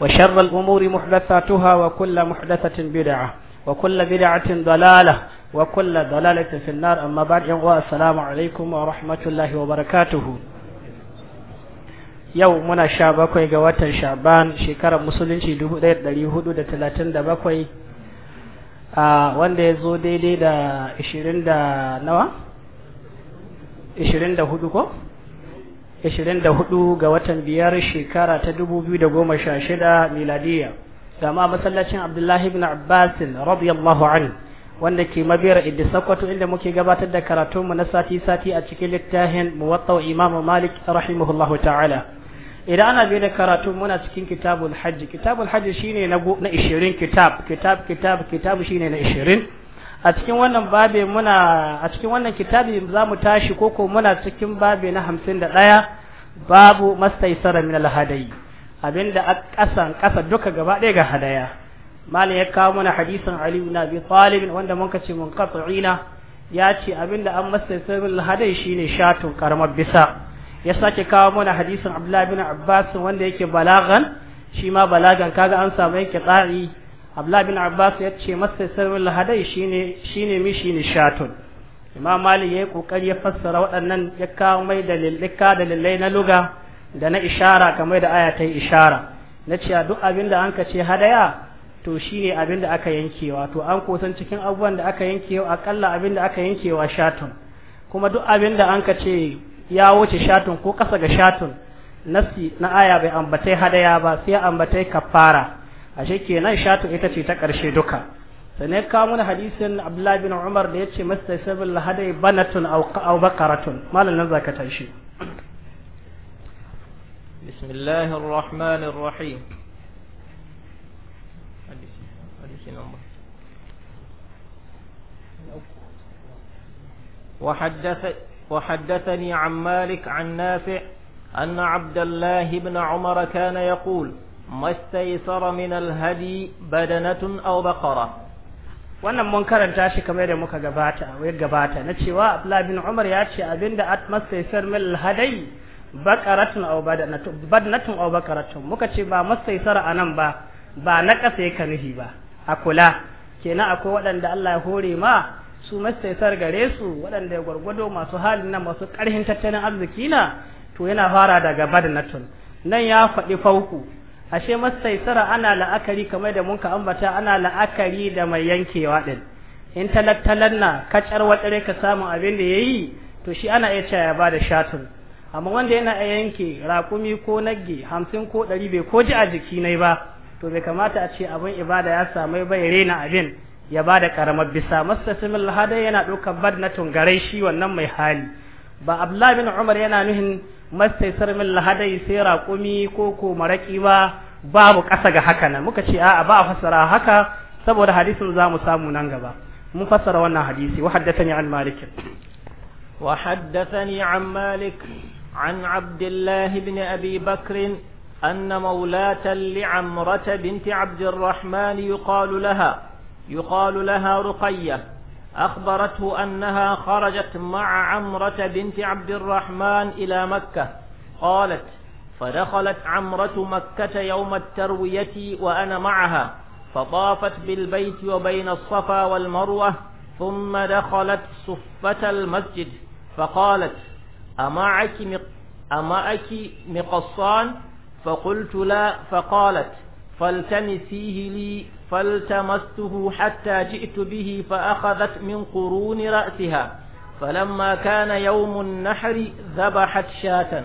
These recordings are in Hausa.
وشر الأمور محدثاتها وكل محدثة بدعة وكل بدعة ضلالة وكل ضلالة في النار أما بعد السلام عليكم ورحمة الله وبركاته yau muna sha bakwai ga watan shaban shekarar musulunci dubu ɗaya ɗari hudu da talatin da bakwai wanda ya zo daidai da ishirin da nawa ishirin da hudu ko 24 ga watan biyar shekara ta 2016 miladiya gama masallacin abdullahi ibn abbas radiyallahu anhu wanda ke mabiyar idda sakwato inda muke gabatar da karatunmu na sati-sati a cikin littafin muwatta imam malik rahimahullahu ta'ala idan ana biyu da karatu muna cikin kitabul hajji kitabul hajji shine na 20 kitab kitab kitab kitab shine na 20 a cikin wannan babe muna a cikin wannan kitabi za mu tashi koko muna cikin babe na hamsin da ɗaya babu mastaisara min alhadayi abinda a ƙasan ƙasa duka gaba ɗaya ga hadaya mali ya kawo mana hadisin ali ibn abi talib wanda mun kace mun qat'ina ya ce abinda an mastaisara min alhadai shine shatun karamar bisa ya sake kawo mana hadisin abdullahi ibn abbas wanda yake balagan shi ma balagan kaga an samu yake tsari Abdullahi bin abbas ya ce masa sirrul lahadai shine shine mishi nishatun imam malik yi kokari ya fassara waɗannan ya kawo mai da dalilai na luga da na ishara kamar da aya ta ishara na ce duk abin da anka ce hadaya to shine abin da aka yankewa to an kusan cikin abubuwan da aka yankewa akalla abin da aka yankewa shatun kuma duk abin da anka ce ya wuce shatun ko kasa ga shatun nasi na aya bai ambatai hadaya ba sai ambatai kafara ashe kenan shatu ita ce ta ƙarshe duka sai ne kawo mana hadisin abdullahi bin umar da yace ce masta sabin lahadai banatun baqaratun malan nan zaka tashi bismillahir rahmanir rahim وحدث وحدثني عن مالك عن نافع أن عبد الله بن عمر كان يقول ما استيسر من الهدي بدنة أو wannan mun karanta shi kamar da muka gabata wai gabata na cewa Abdullah bin Umar ya ce abinda at mastaisar mil hadai baqaratun aw badanatun badanatun aw baqaratun muka ce ba a anan ba ba na kasa yake nufi ba a kula kenan akwai waɗanda Allah ya hore ma su mastaisar gare su waɗanda ya gwargwado masu halin na masu ƙarhin tattalin arziki na to yana fara daga badanatun nan ya faɗi fauku ashe mastaisara ana la'akari kamar da mun ka ambata ana la'akari da mai yankewa din in talattalan na kacar watsare ka samu abin da yayi to shi ana iya cewa ya da shatun amma wanda yana a yanke raƙumi ko nagge hamsin ko ɗari bai ko ji a jiki ne ba to bai kamata a ce abin ibada ya samu bai rena abin ya ba da karamar bisa mastasimin lahadai yana ɗaukar bad na tungare shi wannan mai hali ba abdullahi bin umar yana nuhin mastaisar sarmin lahadai sai raƙumi ko ko maraki ba babu ƙasa ga haka nan muka ce a'a ba a fassara haka saboda hadisin za mu samu nan gaba mun fassara wannan hadisi wa haddathani an malik wa haddathani an malik an abdullah ibn abi bakr أن مولاة لعمرة بنت عبد الرحمن يقال لها يقال لها رقية أخبرته أنها خرجت مع عمرة بنت عبد الرحمن إلى مكة قالت فدخلت عمرة مكة يوم التروية وأنا معها فطافت بالبيت وبين الصفا والمروة ثم دخلت صفة المسجد فقالت أمعك, أمعك مقصان فقلت لا فقالت فالتمسيه لي فالتمسته حتى جئت به فأخذت من قرون رأسها فلما كان يوم النحر ذبحت shatan.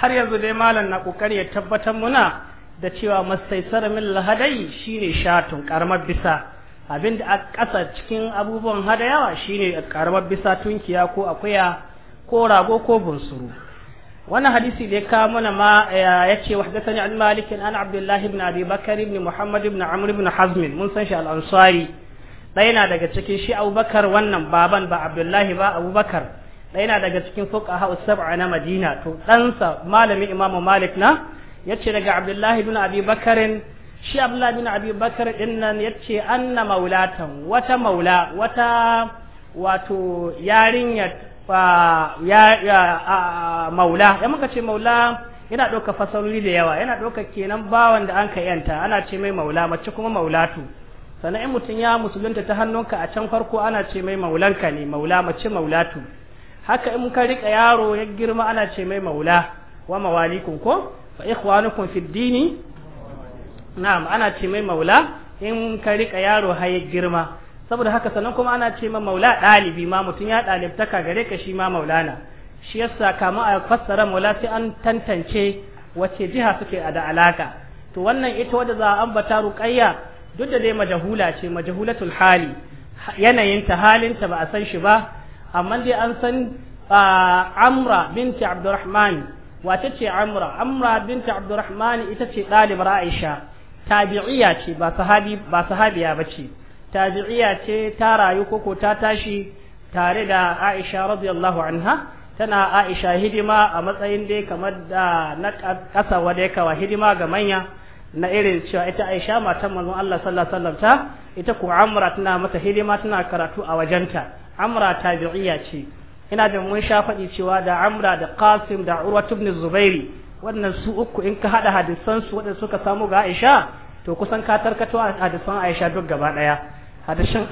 har yanzu dai malam na kokari ya tabbatar muna da cewa mastaisar min lahadai shine shatun karamar bisa abinda a ƙasa cikin abubuwan hadayawa shine karamar bisa tunkiya ko akuya ko rago ko bunsuru wannan hadisi da ya kawo mana ma eh, ya ce wahdatani an malik an abdullahi ibn abi bakar ibn muhammad ibn amr ibn hazm mun san shi al ɗaya na daga cikin shi abubakar wannan baban ba abdullahi ba abubakar ɗaya na daga cikin fuqaha sab'a na madina to ɗansa malami imamu malik na ce daga abdullahi ibn abi bakarin shi abdullahi bin abi bakar din nan ya ce anna maulatan wata maula wata wato yarinyar ya maula ya muka ce maula yana ɗauka fasarori da yawa yana ɗauka kenan bawan da an ka yanta ana ce mai maula mace kuma maulatu sannan in mutum ya musulunta ta hannunka a can farko ana ce mai maulanka ne maula mace maulatu haka in ka rika yaro ya girma ana ce mai maula wa mawalikun ko fa ikhwanukum fi dini na'am ana ce mai maula in ka rika yaro har ya girma saboda haka sannan kuma ana ce ma maula ɗalibi ma mutum ya ɗalibtaka gare ka shi ma maulana shi yasa kama a fassara maula sai an tantance wace jiha suke a da alaka to wannan ita wadda za a ambata ruqayya duk da dai majahula ce majahulatul hali yanayin ta halin ba a san shi ba amma dai an san amra binti abdurrahman wace ce amra amra binti abdurrahman ita ce ɗalibar aisha tabi'iyya ce ba sahabi ba sahabiya bace tabi'iya ce ta rayu koko ta tashi tare da Aisha radiyallahu anha tana Aisha hidima a matsayin dai kamar da na ƙasa wadai kawa hidima ga manya na irin cewa ita Aisha matan manzon Allah sallallahu alaihi wasallam ta ita ko Amra tana mata hidima tana karatu a wajenta Amra tabi'iya ce ina da mun sha faɗi cewa da Amra da Qasim da Urwa ibn Zubairi wannan su uku in ka hada hadisan su waɗanda suka samu ga Aisha to kusan ka tarkato hadisan Aisha duk gaba ɗaya hadisan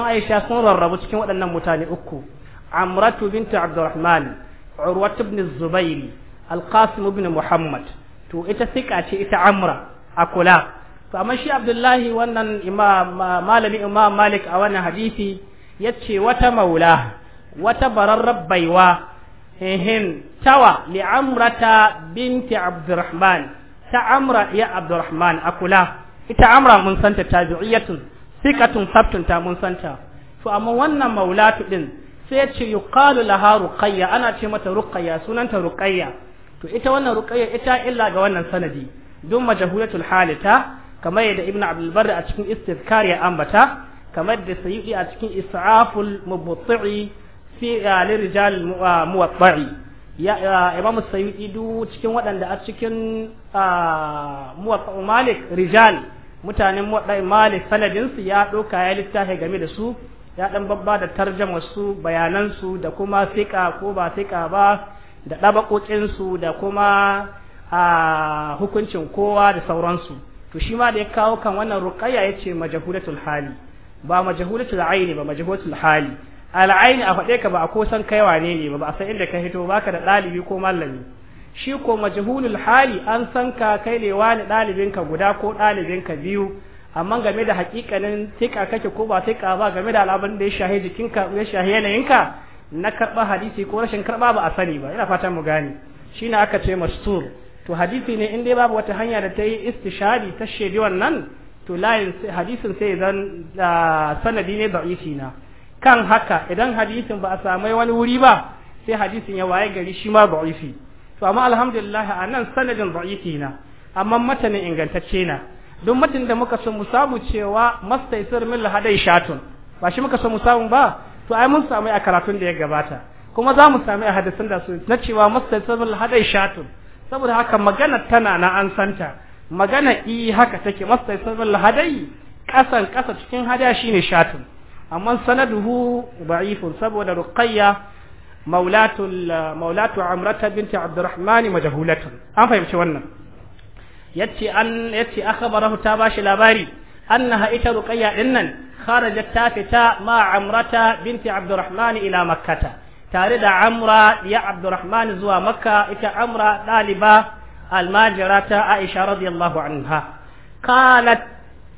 aisha sun rarrabu cikin waɗannan mutane uku amratu bintu abdurrahman urwatu ibn al alqasim ibn muhammad to ita sika ce ita amra a kula to amma shi abdullahi wannan imam malami imam malik a wannan hadisi yace wata maula wata bararrabaiwa baiwa hehen tawa li amrata binti abdurrahman ta amra ya abdurrahman akula ita amra mun santa tabi'iyatun sikatun sabtun ta mun santa to amma wannan maulatu din sai ce yuqalu laha ruqayya ana ce mata ruqayya sunanta ruqayya to ita wannan ruqayya ita illa ga wannan sanadi dun majhulatul halita kamar yadda ibnu abdul barri a cikin istizkar ya ambata kamar da sayyidi a cikin israful mubti'i fi lirijal muwatta'i ya imam sayyidi du cikin waɗanda a cikin malik rijal mutanen waɗai malik sanadinsu ya ɗauka ya littafi game da su ya ɗan babba da tarjama su bayanansu da kuma siƙa ko ba fiƙa ba da ɗabaƙoƙinsu da kuma a hukuncin kowa da sauransu to shi ma da ya kawo kan wannan ruqayya yace majhulatul hali ba majhulatul aini ba majhulatul hali al'aini a faɗe ka ba a kosan kaiwa ne ne ba ba a san inda ka hito baka da ɗalibi ko mallami shi ko majhulul hali an san ka kai ne wani ɗalibinka guda ko ɗalibinka biyu amma game da hakikanin tika kake ko ba tika ba game da al'amarin da ya shahe jikinka ya shahe yanayinka na karɓa hadisi ko rashin karɓa ba a sani ba ina fatan mu gane shine aka ce mastur to hadisi ne in dai babu wata hanya da ta yi istishari ta shaidi wannan to layin hadisin sai zan sanadi ne da'ifi na kan haka idan hadisin ba a samai wani wuri ba sai hadisin ya waye gari shi ma da'ifi to amma alhamdulillah a nan sanadin da'ifi na amma matanin ingantacce na don matan da muka so mu samu cewa mastaisir min lahadai shatun ba shi muka san mu samu ba to ai mun samu a karatun da ya gabata kuma za mu sami a hadisin da su na cewa mastaisir min lahadai shatun saboda haka magana tana na an santa magana i haka take mastaisir min lahadai kasan kasa cikin hada ne shatun amma sanaduhu ba'ifun saboda ruqayya maulatul maulatu amrata binti abdurrahman majhulatun an fahimci wannan yace an yace ta bashi labari annaha ita ruqayya dinnan kharajat ta fita ma amrata binti abdurrahman ila makkata tare da amra ya abdurrahman zuwa makka ita amra daliba almajirata aisha radiyallahu anha kala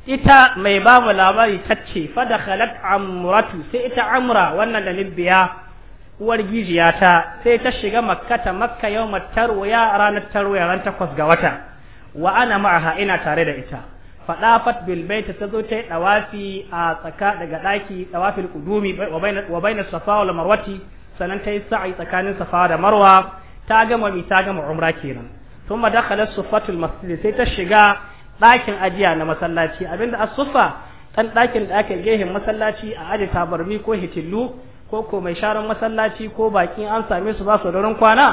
ita mai ba mu labari tacce fada khalad amratu sai ita amra wannan da libya uwar gijiyata ta sai ta shiga makkata makka yau tarwaya ranar tarwaya ran takwas ga wata wa ana ma'aha ina tare da ita faɗafat bilbaita ta zo ta yi dawafi a tsaka daga daki dawafil qudumi wa baina safa wal marwati sanan ta yi sa'i tsakanin safa da marwa ta gama mi ta gama umra kenan thumma dakhalat sufatul masjid sai ta shiga dakin ajiya na masallaci abinda as-sufa dan dakin dakin gehen masallaci a aje tabarmi ko hitillu ko ko mai sharan masallaci ko bakin an same su ba su daren kwana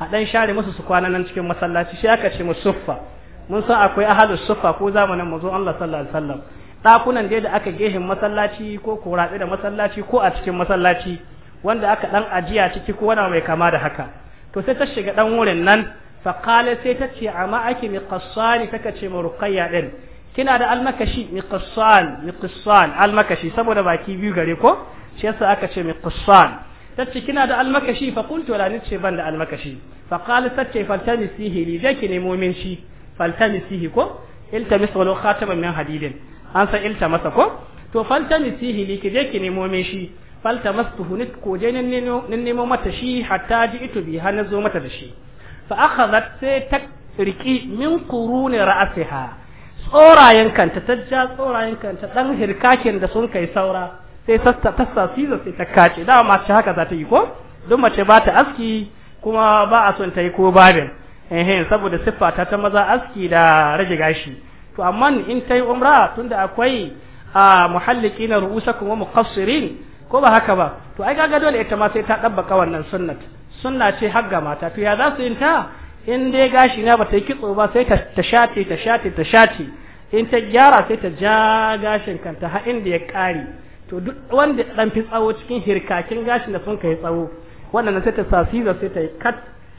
a dan share musu su kwana nan cikin masallaci shi aka ce suffa mun san akwai ahalu suffa ko zamanin zo Allah sallallahu alaihi wasallam dakunan da aka gehen masallaci ko ko ratsi da masallaci ko a cikin masallaci wanda aka dan ajiya ciki ko wani mai kama da haka to sai ta shiga dan wurin nan fa qala sai ta ce amma ake qassani take ce murqayya din kina da almakashi mi qassan almakashi saboda baki biyu gare ko shi yasa aka ce mai ta ce kina da almakashi fa qultu la nace ban da almakashi fa qalat tace faltamisihi li daki ne mumin shi sihi ko iltamis walau khataman min hadidin an san iltamasa ko to sihi li kije ki ne min shi faltamastuhu ko je nan nemo mata shi hatta ji ito bi har zo mata da shi fa akhadhat sai ta riki min quruni ra'siha tsorayen kanta tajja tsorayen kanta dan hirkakin da sun kai saura sai ta sasiza sai ta kace da mace haka za ta yi ko don mace ba ta aski kuma ba a son ta yi ko babin eh saboda siffa ta ta maza aski da rage gashi to amma in ta yi umra tunda akwai a muhallikina ru'usakum wa muqassirin ko ba haka ba to ai kaga dole ita ma sai ta dabbaka wannan sunnat sunna ce har ga mata to ya za su yin ta in dai gashi na ba ta yi kitso ba sai ta shati ta shati ta shati in ta gyara sai ta ja gashin kanta har inda ya kare to duk wanda dan fi tsawo cikin hirkakin gashi da sun kai tsawo wannan sai ta da sai ta yi kat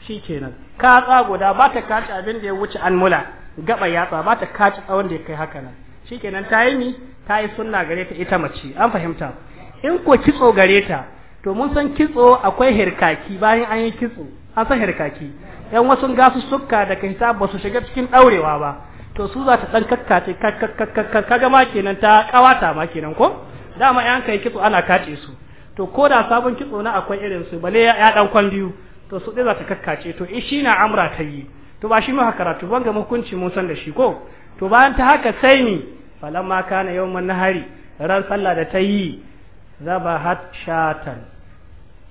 shikenan ka da ba ta kaci abin da ya wuce an mula gaba yatsa ba ta kaci tsawon da ya kai haka nan shikenan ta yi ni ta yi sunna gare ta ita mace an fahimta in ko kitso gare ta to mun san kitso akwai hirkaki bayan an yi kitso an san hirkaki yan wasu gasu sukka da ka ba su shiga cikin daurewa ba to su za ta dan kakkace kaga ma kenan ta kawata ma kenan ko dama yan kai kitso ana kace su to ko da sabon kitso na akwai irin su bale ya dan kwan biyu to su dai za ta kakkace to shi na amra ta yi to ba shi haka karatu ban ga hukunci mun san da shi ko to bayan ta haka sai ni falamma kana yawman nahari ran sallah da ta yi zabahat shatan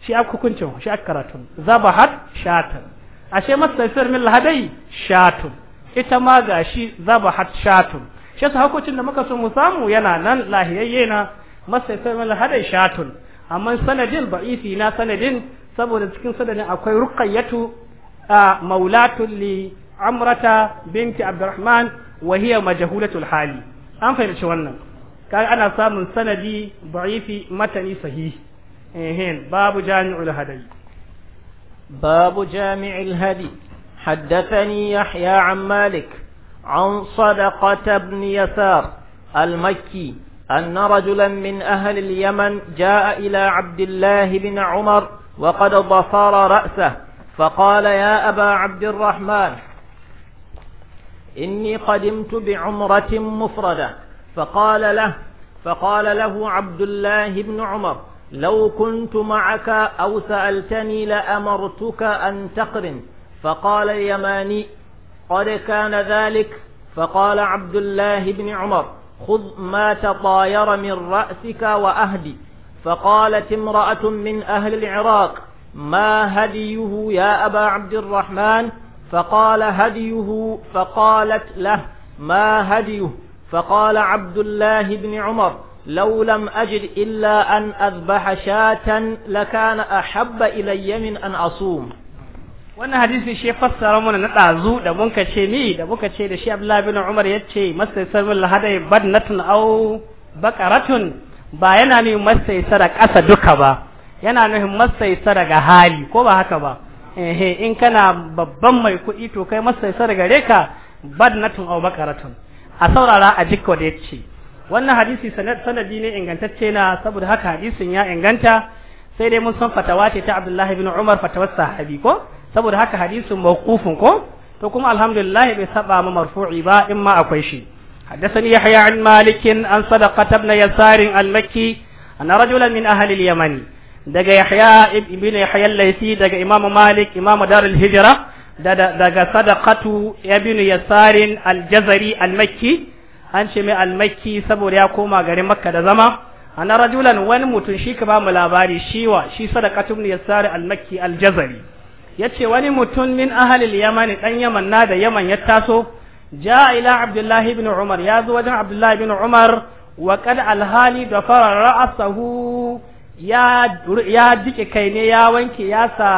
shi aka hukuncin shi aka karatu zabahat shatan ashe mastaisir min lahadai shatun ita ma gashi zabahat shatun shi sa hukuncin da muka so mu samu yana nan lahiyayye na masa sai mana hada shatun amma sanadin ba'ifi na sanadin saboda cikin sanadin akwai ruqayyatu maulatu li amrata binti abdurrahman wa hiya majhulatul hali an fahimci wannan kaga ana samun sanadi ba'ifi matani sahihi ehin babu jami'ul hadayi babu jami'il hadi حدثني يحيى عن مالك عن صدقة بن يسار المكي أن رجلا من أهل اليمن جاء إلى عبد الله بن عمر وقد ضفر رأسه فقال يا أبا عبد الرحمن إني قدمت بعمرة مفردة فقال له فقال له عبد الله بن عمر لو كنت معك أو سألتني لأمرتك أن تقرن فقال اليماني قد كان ذلك فقال عبد الله بن عمر خذ ما تطاير من رأسك وأهدي فقالت امرأة من أهل العراق ما هديه يا أبا عبد الرحمن فقال هديه فقالت له ما هديه فقال عبد الله بن عمر لو لم أجد إلا أن أذبح شاة لكان أحب إلي من أن أصوم wannan hadisi shi fassara mana na ɗazu da muka ce ni da muka ce da shi Abdullahi bin Umar yace mastaisar min lahadai badnatun au baqaratun ba yana ne da ƙasa duka ba yana nufin masaisa ga hali ko ba haka ba eh in kana babban mai kuɗi to kai mastaisar gare ka badnatun au baqaratun a saurara a jikko da yace wannan hadisi sanadi ne ingantacce na saboda haka hadisin ya inganta sai dai mun san fatawa ce ta Abdullahi bin Umar fatawar sahabi ko saboda haka hadisin mawqufun ko to kuma alhamdulillah bai saba ma marfu'i ba in ma akwai shi haddathani yahya an malikin an sadaqa ibn yasar al makki anna rajulan min ahli al daga yahya ibn yahya laysi daga imam malik imam dar al hijra daga sadaqatu ibn yasar al jazari al makki an ce almakki saboda ya koma garin maka da zama a na rajulan wani mutum shi ka ba labari shiwa shi sadaka tun ya sare almakki aljazari yace wani mutum min ahalil yamani ɗan yaman na da yaman ya taso ja ila abdullahi bin umar ya zo wajen abdullahi bin umar wa qad alhali da fara ra'asahu ya ya jike kai ne ya wanke ya sa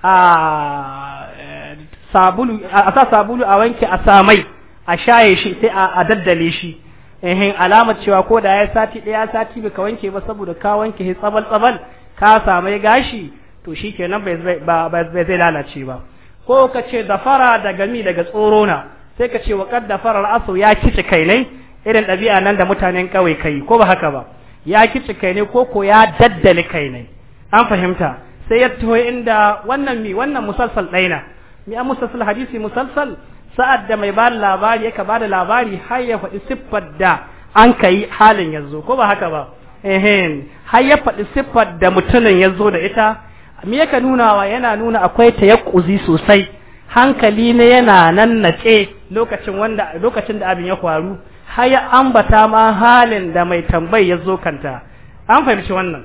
a sabulu a sa a wanke a samai a shaye shi sai a daddale shi ehin alamar cewa ko da ya sati daya sati ka wanke ba saboda ka wanke tsabal tsabal ka samai gashi to shi kenan bai zai lalace ba ko ka ce zafara da gami daga tsoro na sai ka ce wa kad dafarar aso ya kici kai ne irin ɗabi'a nan da mutanen kawai kai ko ba haka ba ya kici kai ne ko ko ya daddale kai ne an fahimta sai ya taho inda wannan mi wannan musalsal ɗaina mi an musalsal hadisi musalsal sa'ad da mai bada labari yaka ka bada labari har ya faɗi siffar da an ka yi halin yanzu ko ba haka ba har ya faɗi siffar da mutumin ya zo da ita me yake nunawa yana nuna akwai ta yakuzi sosai hankali ne yana nan nace lokacin wanda lokacin da abin ya faru har ya ambata ma halin da mai tambayi ya zo kanta an fahimci wannan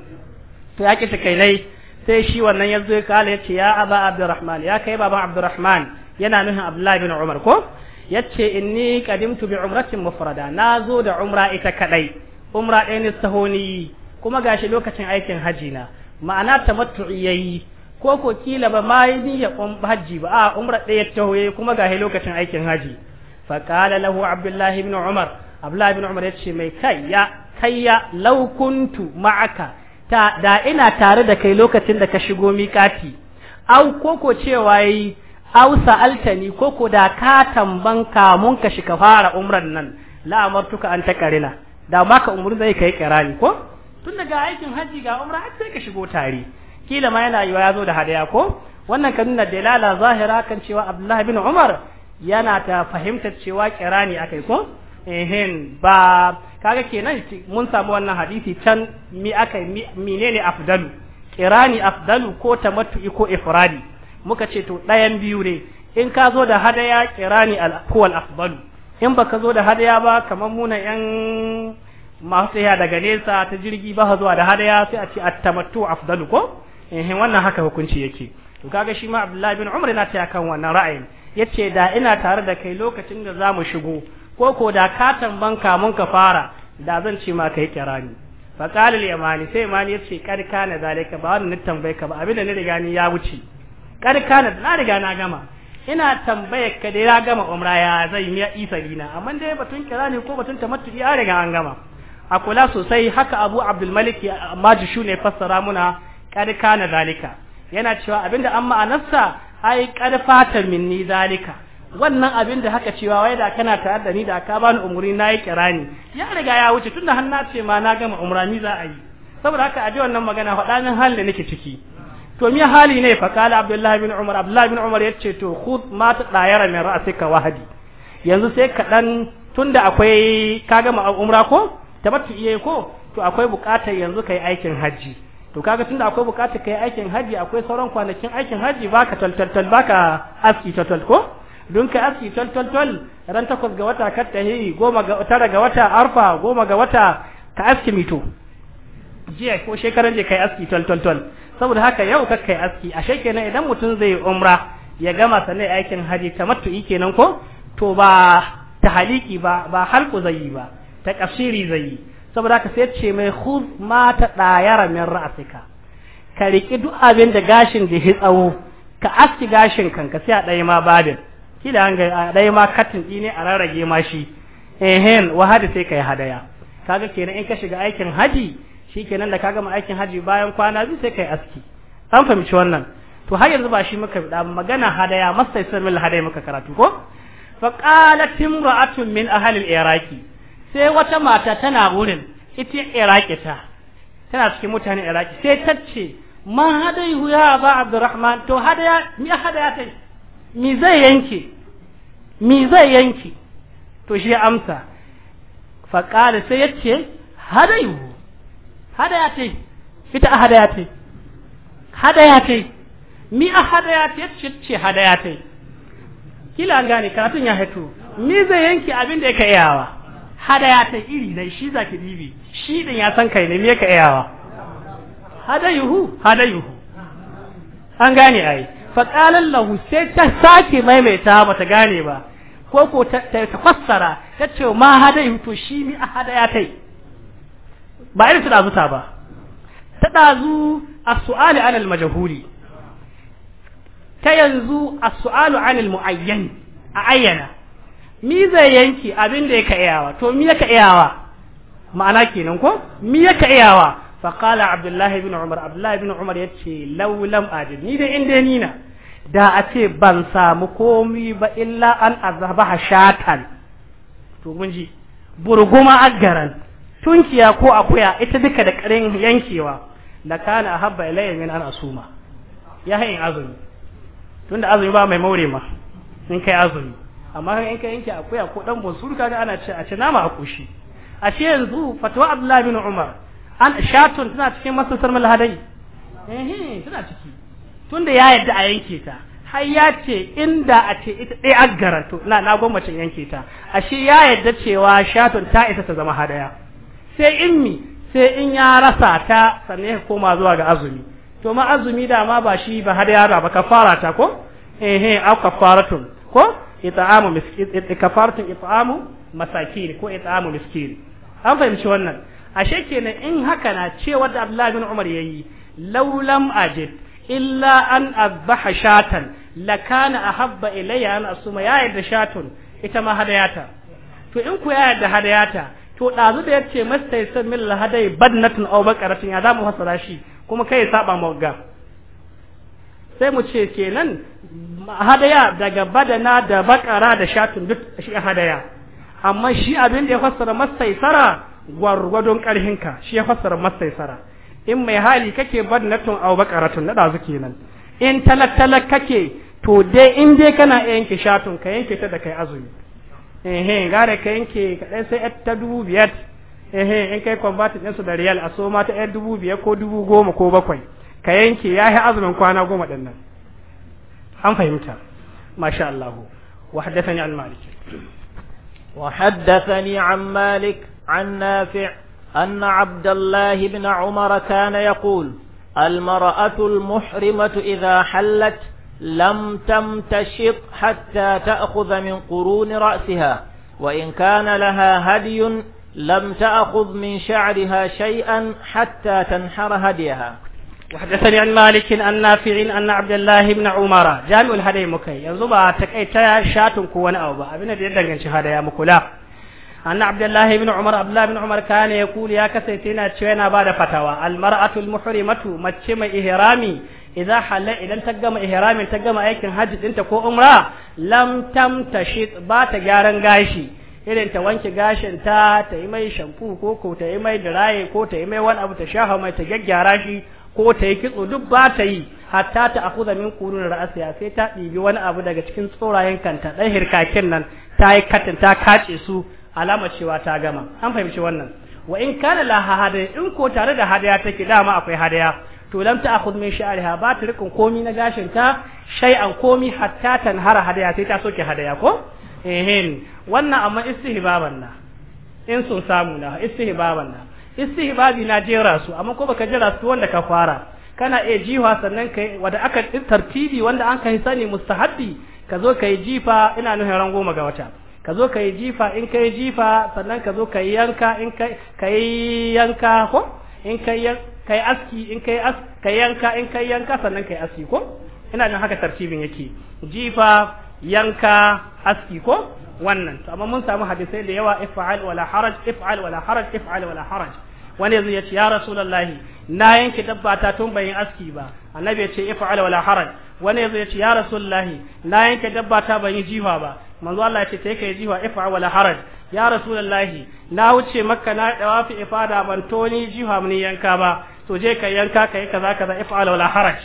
to ya kita kai nai sai shi wannan ya zo kala ya ce ya aba abdurrahman ya kai baban abdurrahman yana nuna abdullahi bin umar ko ya ce inni qadimtu bi umratin mufrada na zo da umra ita kadai umra ɗaya ne sahoni kuma gashi lokacin aikin hajji na ma'ana ta ya yayi ko ko kila ba ma yi niyya um, hajji ba a umra ɗaya ta hoye kuma ga lokacin aikin haji fa qala lahu abdullahi ibn umar abdullahi ibn umar yace mai kayya kayya law kuntu ma'aka ta da ina tare da kai lokacin da ka shigo miƙati au ko cewa yi au sa'altani ko da ka tamban ka mun ka shi ka fara umran nan la amartuka an ta karina da ma ka umru zai kai kirani ko tun daga aikin hajji ga umra har sai ka shigo tare kila ma yana yiwa ya zo da hadaya ko wannan ka nuna dalala zahira kan cewa abdullahi bin umar yana ta fahimtar cewa kirani akai ko ehin ba kaga kenan mun samu wannan hadisi can mi akai menene afdalu kirani afdalu ko tamattu'i ko ifradi muka ce to ɗayan biyu ne in ka zo da hadaya kirani al al afdalu in baka zo da hadaya ba kamar muna yan masu tsaya daga nesa ta jirgi ba zuwa da hadaya sai a ce a tamattu fudalu ko eh wannan haka hukunci yake to kaga shi ma Abdullahi bin Umar na taya kan wannan ra'ayin yace da ina tare da kai lokacin da za mu shigo ko ko da katan banka mun ka fara da zan ce ma kai kirani fa qala al-yamani sai yamani yace kar kana zalika ba wannan tambaye ka ba abinda ni riga ni ya wuce kar kana na riga na gama ina tambaye ka da ya gama umra ya zai miya dina amma dai batun kirani ko batun tamattu ya riga an gama a kula sosai haka abu abdulmalik majushu ne fassara muna karka na zalika yana cewa abinda an ma'anarsa ai min minni zalika wannan abinda haka cewa wai da kana tare da ni da ka bani umuri na yi kirani ya riga ya wuce tunda har na ce ma na gama umrani za a yi saboda haka aje wannan magana faɗa min halin da nake ciki to me hali ne fa kala abdullahi bin umar abdullahi bin umar yace to khud ma ta dayara min ra'sika wahadi yanzu sai ka dan tunda akwai ka gama umra ko tamattu iye ko to akwai bukatar yanzu kai aikin haji to kaga tunda akwai bukatar kai aikin haji akwai sauran kwanakin aikin haji baka taltaltal baka aski taltal ko don ka aski taltaltal ran takwas ga wata kar goma ga tara ga wata arfa goma ga wata ka aski mito jiya ko shekaran je kai aski taltaltal saboda haka yau ka kai aski ashe kenan idan mutum zai umra ya gama sanai aikin haji tamattu kenan ko to ba tahaliki ba ba halku zai yi ba Ta kasiri zai yi saboda ka sai ce mai khuz ma ta dayara min ra'sika ka riki duk abin da gashin da ya tsawo ka aski gashin kan ka sai a ɗaya ma babin da an ga a ɗaya ma katin ɗi ne a rarrage ma shi ehen wahada sai ka yi hadaya kaga kenan in ka shiga aikin haji kenan da ka gama aikin haji bayan kwana biyu sai ka yi aski an fahimci wannan to har yanzu ba shi muka da magana hadaya mastaisir mil hadaya muka karatu ko fa qalat imra'atun min ahli al-iraqi sai wata mata tana wurin ita iraki ta tana cikin mutane iraki sai ta ce man hadai ya ba abdurrahman to hadaya mi hadaya ta mi zai yanke mi zai yanke to shi amsa qala sai ya ce hu hadaya ta fita a hadaya ta hadaya ta mi hadaya hadaya ta ce hadaya ta kila gani karatun ya hato mi zai yanke abin da yake yawa. hadaya ta iri dai shi zaki dibi shi din ya san kai ne me ka iyawa hadayuhu hadayuhu an gane ai fa qala lahu sai ta sake maimaita bata gane ba ko ko ta fassara ta ce ma hadayuhu to shi mi a hadaya tai ba irin su da zuta ba ta dazu as-su'ali 'ala al-majhuli ta yanzu as-su'alu 'ala al-mu'ayyan a ayyana mi zai yanki abin da yake iyawa to mi yake iyawa ma'ana kenan ko mi yake iyawa fa qala abdullahi ibn umar abdullahi ibn umar yace law lam ajid ni da inda ni na da a ce ban samu komi ba illa an azaba shatan to mun ji burguma aggaran tunkiya ko akuya ita duka da karin yankewa la kana habba ilayya min an asuma ya hayin azumi tunda azumi ba mai maure ma sun kai azumi amma in ka yanke akuya ko dan bunsuru kaga ana ce a ce nama a koshi ce yanzu fatwa abdullah bin Umar an shatun tana cikin masasar malhadai eh tana ciki tunda ya yadda a yanke ta har ya ce inda a ce ita ɗaya aggarar to na na gwamnatin yanke ta ashe ya yadda cewa shatun ta isa ta zama hadaya sai in sai in ya rasa ta sannan ya koma zuwa ga azumi to ma azumi da ma ba shi ba hadaya ba ka fara ta ko eh eh au kafaratun ko it'amu miskin kafartu it'amu masakin ko it'amu miskin an fahimci wannan ashe kenan in haka na cewa da Abdullahi bin Umar yayi laulam ajid illa an azbaha shatan lakana ahabba ilayya an asuma ya yadda shatun ita ma hadayata to in ku ya yadda hadayata to dazu da yace mastaysan min lahadai badnatun aw baqaratun ya zamu fasara shi kuma kai saba mawga sai mu ce kenan hadaya daga badana da bakara da shatun duk shi hadaya amma shi abin da ya fassara masaisara gwargwadon ka shi ya fassara masaisara in mai hali kake badnatun aw bakaratun na dazu kenan in talattala kake to dai in dai kana yanke shatun ka yanke ta da kai azumi eh gare ka yanke ka dai sai ta dubu biyar eh in kai convert din su da riyal a so ma ta 1500 ko 10,000 ko bakwai ka yanke ya yi azumin kwana goma ɗin nan an fahimta masha Allah wa haddathani an malik wa haddathani an malik an nafi' أن عبد الله بن عمر كان يقول المرأة المحرمة إذا حلت لم تمتشط حتى تأخذ من قرون رأسها وإن كان لها هدي لم تأخذ من شعرها شيئا حتى تنحر هديها وحدثني عن مالك عن نافع أن عبد الله بن عمر جامع الهدي مكي yanzu ba ta shatun ko wani abu ba abin da ya danganci hadaya mukula anna abdullahi ibn umar abdullahi ibn umar kana yaqulu ya kasance yana cewa yana bada fatawa al mar'atu al muhrimatu mace mai ihrami idza halla idan ta gama ihramin ta gama aikin hajji dinta ko umra lam tamtashi ba ta gyaran gashi irin ta wanke gashin ta ta yi mai shampu ko ko ta yi mai diraye ko ta yi mai wani abu ta shaha mai ta gyaggyara shi ko ta yi kitso duk ba ta yi hatta ta kuzamin zamin kurun ra'asiya sai ta ɗibi wani abu daga cikin tsorayen kanta ɗan hirkakin nan ta yi katin ta kace su alama cewa ta gama an fahimci wannan wa in kana la hadaya in ko tare da hadaya take dama akwai hadaya to lam ta akhud min sha'riha ba ta rikon komi na gashin ta an komi hatta tanhara hadaya sai ta soke hadaya ko ehin wannan amma istihbaban na in sun samu na istihbaban na istihbabi na jera su amma ko baka jera su wanda ka fara kana iya jiwa sannan kai wanda aka tartibi wanda an kai sani mustahabbi ka zo kai jifa ina nufin ran goma ga wata ka zo kai jifa in kai jifa sannan ka zo kai yanka in kai kai yanka ko in kai kai aski in kai as kai yanka in kai yanka sannan kai aski ko ina nan haka tartibin yake jifa yanka aski ko wannan to amma mun samu hadisai da yawa if'al wala haraj if'al wala haraj if'al wala haraj wani yanzu ya ce ya rasulullahi na yanke dabba ta tun bayin aski ba annabi ya ce if'al wala haraj wani yanzu ya ce ya rasulullahi na yanke dabba ta ban yi ba manzo Allah ya ce sai kai jiwa if'al wala haraj ya rasulullahi na wuce makka na dawafi ifada ban toni jiwa mun yanka ba to je ka yanka kai kaza kaza if'al wala haraj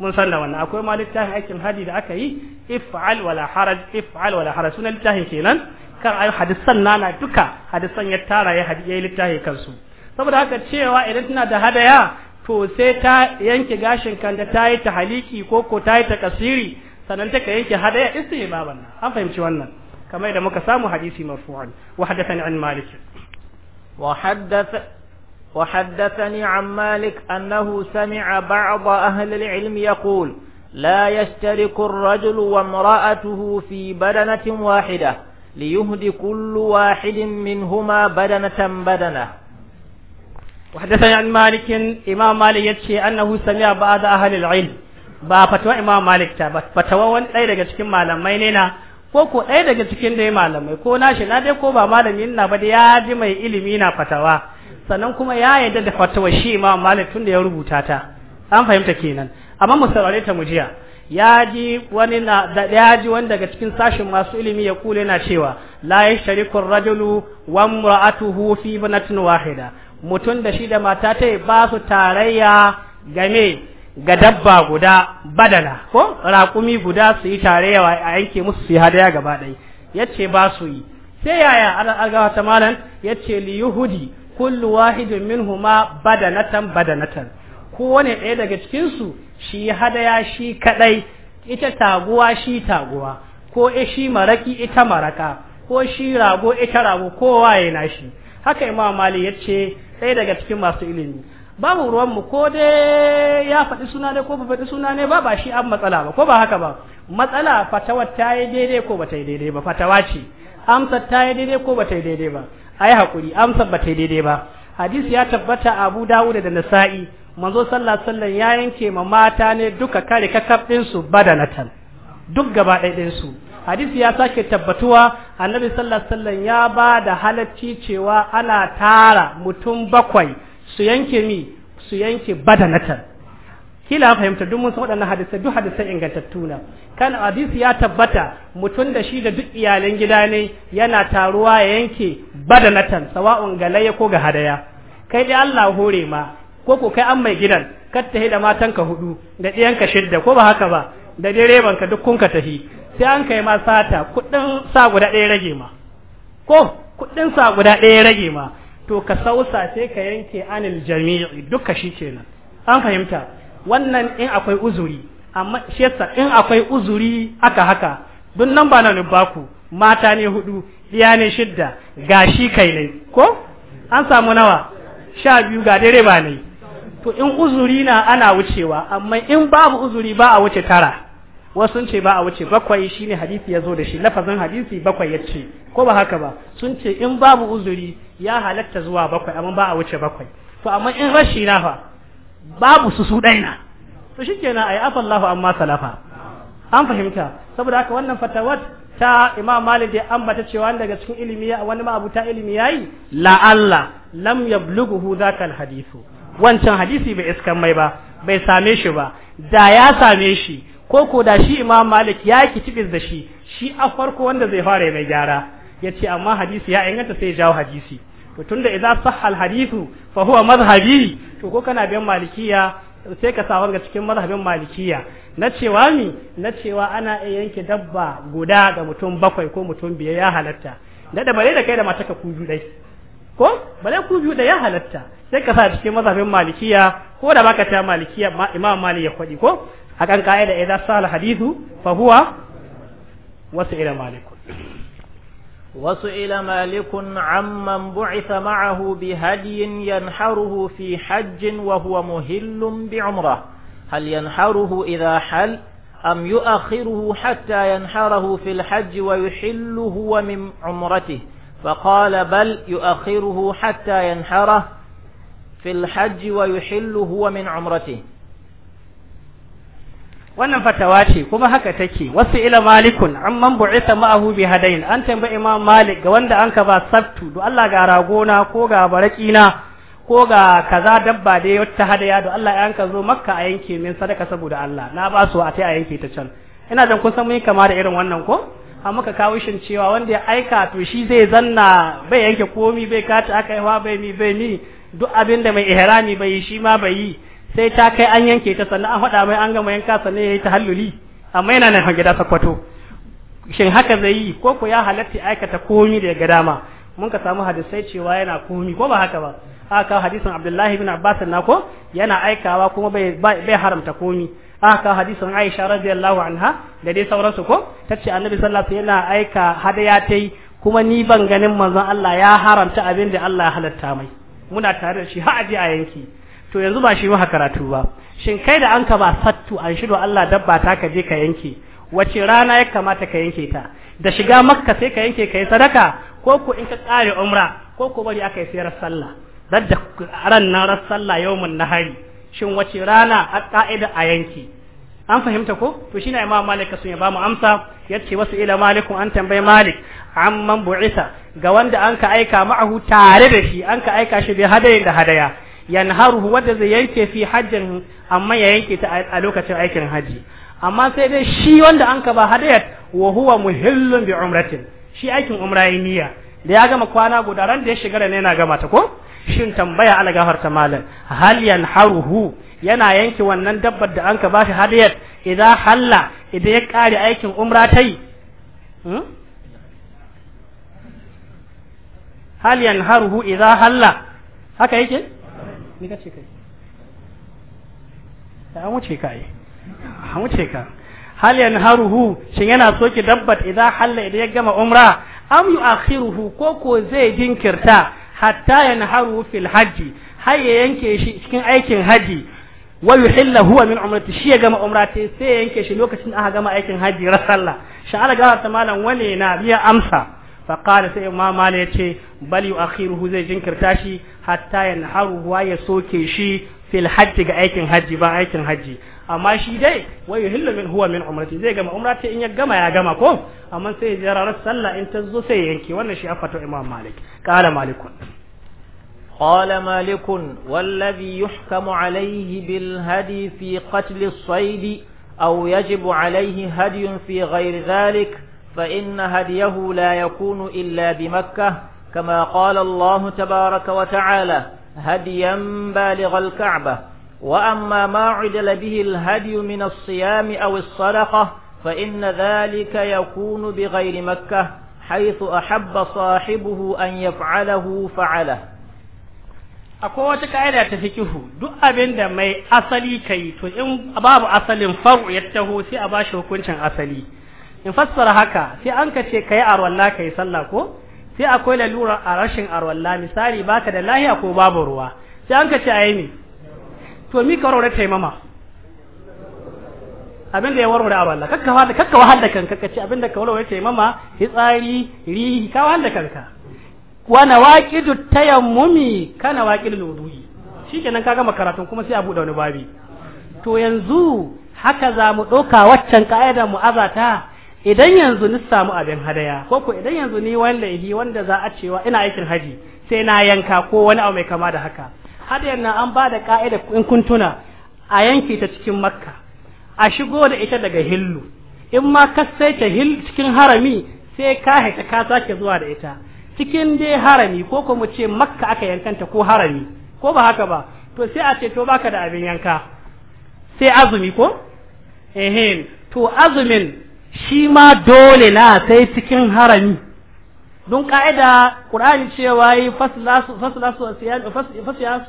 mun san da wannan akwai ma littafin aikin hadi da aka yi if'al wala haraj if'al wala haraj sunan littafin kenan kan hadisan nana duka hadisan ya tara ya hadi yayi littafi kansu saboda haka cewa idan tana da hadaya to sai ta yanke gashin kanta ta yi ta haliki ko ko ta yi ta kasiri sannan ta yanke hadaya istihbab wannan an fahimci wannan kamar da muka samu hadisi marfu'an wa hadathani an malik wa وحدثني عن مالك أنه سمع بعض أهل العلم يقول لا يشترك الرجل وامرأته في بدنة واحدة ليهدي كل واحد منهما بدنة بدنة وحدثني عن مالك إمام مالك يتشي أنه سمع بعض أهل العلم ba fatawa imam malik ta ba fatawa wani ɗaya daga cikin malamai na ko ko ɗaya daga cikin dai malamai ko nashi na dai ko ba malami na ba da ya ji mai ilimi na fatawa sannan kuma ya yarda da fatawa shi ma malik tun da ya rubuta ta an fahimta kenan amma mu saurare ta mujiya ya ji wani na da ya ji wani daga cikin sashin masu ilimi ya kula yana cewa la yashriku rajulu wa imra'atuhu fi banatin wahida mutum da shi da mata ta ba su tarayya game ga dabba guda badala ko raƙumi guda su yi tarayya a yanke musu su yi hadaya gaba ɗaya yace ba su yi sai yaya an ta malam yace li yuhudi kullu wahidin huma badanatan badanatan kowane ɗaya daga cikinsu shi hadaya shi kaɗai ita taguwa shi taguwa ko e shi maraki ita maraka ko shi rago ita rago kowa ya shi haka imam mali ya ce ɗaya daga cikin masu ilimi babu ruwanmu ko dai ya faɗi suna ne ko ba faɗi suna ne ba ba shi an matsala ba ko ba haka ba matsala fatawar ta yi daidai ko ba ta yi daidai ba fatawa ce amsar ta yi daidai ko ba ta yi daidai ba ai hakuri amsa ba ta daidai ba hadisi ya tabbata Abu Dawud da Nasa'i manzo sallallahu alaihi wasallam ya yanke ma mata ne duka kare kakab din su badanatan duk gaba ɗaya su hadisi ya sake tabbatuwa annabi sallallahu alaihi wasallam ya ba da halacci cewa ana tara mutum bakwai su yanke mi su yanke badanatan kila fahimta duk mun san waɗannan hadisai duk hadisai ingantattu na kan hadisi ya tabbata mutum da shi da duk iyalan gida ne yana taruwa ya yanke badanatan sawa'un ga ko ga hadaya kai dai Allah hore ma ko ko kai an mai gidan kar hidda da ka hudu da ka shidda ko ba haka ba da direbanka duk kun ka tahi sai an kai ma sata kuɗin sa guda ɗaya rage ma ko kuɗin sa guda ɗaya rage ma to ka sausa sai ka yanke anil jami'i duka shi kenan an fahimta wannan in akwai uzuri amma shesa in akwai uzuri aka haka duk nan ba nan baku mata ne hudu iya ne shidda gashi kai ne ko an samu nawa sha biyu ga ba ne to in uzuri na ana wucewa amma in babu uzuri ba a wuce tara wasu ce ba a wuce bakwai shine hadisi ya zo da shi lafazin hadisi bakwai ya ce ko ba haka ba sun ce in babu uzuri ya halatta zuwa bakwai amma ba a wuce bakwai to amma in rashi na fa babu su su daina to a yi afallahu amma salafa an fahimta saboda haka wannan fatawat ta imam malik da ambata cewa daga cikin ilimi a wani abu ta ilimi yayi la Allah lam yablughu zakal hadithu wancan hadisi bai iskan mai ba bai same shi ba da ya same shi ko ko da shi imam malik ya ki kitibis da shi shi a farko wanda zai fara mai gyara Ya ce amma hadisi ya inganta sai ya jawo hadisi to tunda idza sahha hadithu fa huwa madhhabi to ko kana bin malikiya sai ka sawar ga cikin madhhabin malikiya na cewa mi na cewa ana iya yanke dabba guda ga mutum bakwai ko mutum biyar ya halatta da da bare da kai da mata ka kuju dai ko bare ku biyu da ya halatta sai ka sa cikin mazhabin malikiya ko da baka ta malikiya imam mali ya kwadi ko akan ka'ida idza sal hadithu fa huwa wasu ila malikun وسئل مالك عمن بعث معه بهدي ينحره في حج وهو مهل بعمره هل ينحره إذا حل أم يؤخره حتى ينحره في الحج ويحل هو من عمرته فقال بل يؤخره حتى ينحره في الحج ويحل هو من عمرته wannan fatawa ce kuma haka take wasu ila malikun amman bu'ita ma'ahu bi hadayin an tambayi imam malik ga wanda anka ba sabtu do Allah ga ragona ko ga barakina ko ga kaza dabba da wata hadaya do Allah yanka zo makka a yanke min sadaka saboda Allah na ba su a tai a yanke ta can ina dan kun san mun kama da irin wannan ko amma ka kawo shin cewa wanda ya aika to shi zai zanna bai yanke komi bai kaci aka yi bai mi bai ni duk abin da mai ihrami bai yi shi ma bai yi sai ta kai an yanke ta sannan an faɗa mai an gama yanka sannan ya yi ta halluli amma yana nan gida sakwato shin haka zai yi ko ku ya halatta aikata komi da ga dama mun ka samu hadisai cewa yana komi ko ba haka ba aka hadisin Abdullahi bin Abbas na ko yana aikawa kuma bai haramta komi aka hadisin Aisha radiyallahu anha da dai sauransu ko tace Annabi sallallahu alaihi wasallam yana aika hadaya tai kuma ni ban ganin manzon Allah ya haramta abin da Allah ya halatta mai muna tare da shi har aje a yanki to yanzu ba shi maka karatu ba shin kai da an ka ba sattu an shido Allah dabba ta ka je ka yanke wace rana ya kamata ka yanke ta da shiga makka sai ka yanke ka yi sadaka ko ko in ka tsare umra ko ko bari aka yi sayar sallah dadda ran na ran sallah yawmun nahari shin wace rana a ka'ida a yanke an fahimta ko to shine imam malik sun ya bamu amsa yace wasu ila malikun an tambaye malik amman bu'isa ga wanda an ka aika ma'ahu tare da shi an ka aika shi bi hadayin da hadaya yanharuhu wanda zai yanke fi hajjin amma ya yanke ta a lokacin aikin haji amma sai dai shi wanda an ka ba hadayat wa huwa muhillun bi umratin shi aikin umra niyya da ya gama kwana guda ran da ya shiga da yana gama ta ko shin tambaya ala gafarta malam hal yanharuhu yana yanke wannan dabbar da an ka ba shi hadayat idan halla idan ya kare aikin umra yi hmm? hal yanharuhu idan halla haka yake ni ka ce kai yanharuhu shin yana soke dabbat idan halla idan ya gama umra am akhiruhu ko ko zai jinkirta hatta haruhu fil hajji har ya yanke shi cikin aikin hajji wayu yuhilla huwa min umrati shi ya gama umra sai yanke shi lokacin da aka gama aikin haji rasalla sha'ala ga ta malam wane na biya amsa faqala sai imam malik yace a yu'akhiruhu zai jinkirta shi hatta yanharu wa ya soke shi fil hajji ga aikin hajji ba aikin hajji amma shi dai wai yuhillu min huwa min umrati zai gama umrati in ya gama ya gama ko amma sai ya sallah in ta zo sai yanke wannan shi afato imam malik qala malikun قال مالك والذي يحكم عليه بالهدي في قتل الصيد أو يجب عليه هدي في غير ذلك فإن هديه لا يكون إلا بمكة كما قال الله تبارك وتعالى هديا بالغ الكعبة وأما ما عدل به الهدي من الصيام أو الصدقة فإن ذلك يكون بغير مكة حيث أحب صاحبه أن يفعله فعله akwai wata ka'ida ta fikihu duk abin da mai asali kai to in babu asalin faru ya taho sai a bashi hukuncin asali in fassara haka sai an ka ce ka yi arwalla yi sallah ko sai akwai lalura a rashin arwalla misali baka da lahiya ko babu ruwa sai an ka ce a yi ne to mi ka warware taimama abin da ya warware arwalla kakka wahal da kanka kace abin da ka warware taimama hitsari rihi ka wahal da kanka wa nawaqidu tayammumi kana waqidu shi kenan ka gama karatun kuma sai a buɗe wani babi to yanzu haka za mu ɗauka waccan ka'ida mu azata idan yanzu ni samu abin hadaya ko ko idan yanzu ni wanda laifi wanda za a cewa ina aikin haji sai na yanka ko wani abu mai kama da haka hadayan nan an bada ka'ida in kun tuna a yanki ta cikin makka a shigo da ita daga hillu in ma ka sai ta hil cikin harami sai ka haita ka sake zuwa da ita cikin dai harami ko ko mu ce makka aka yankanta ko harami ko ba haka ba to sai a ce to baka da abin yanka sai azumi ko ehem to azumin shi ma dole na sai cikin harami don ka'ida ƙur'ani cewa yi faslasu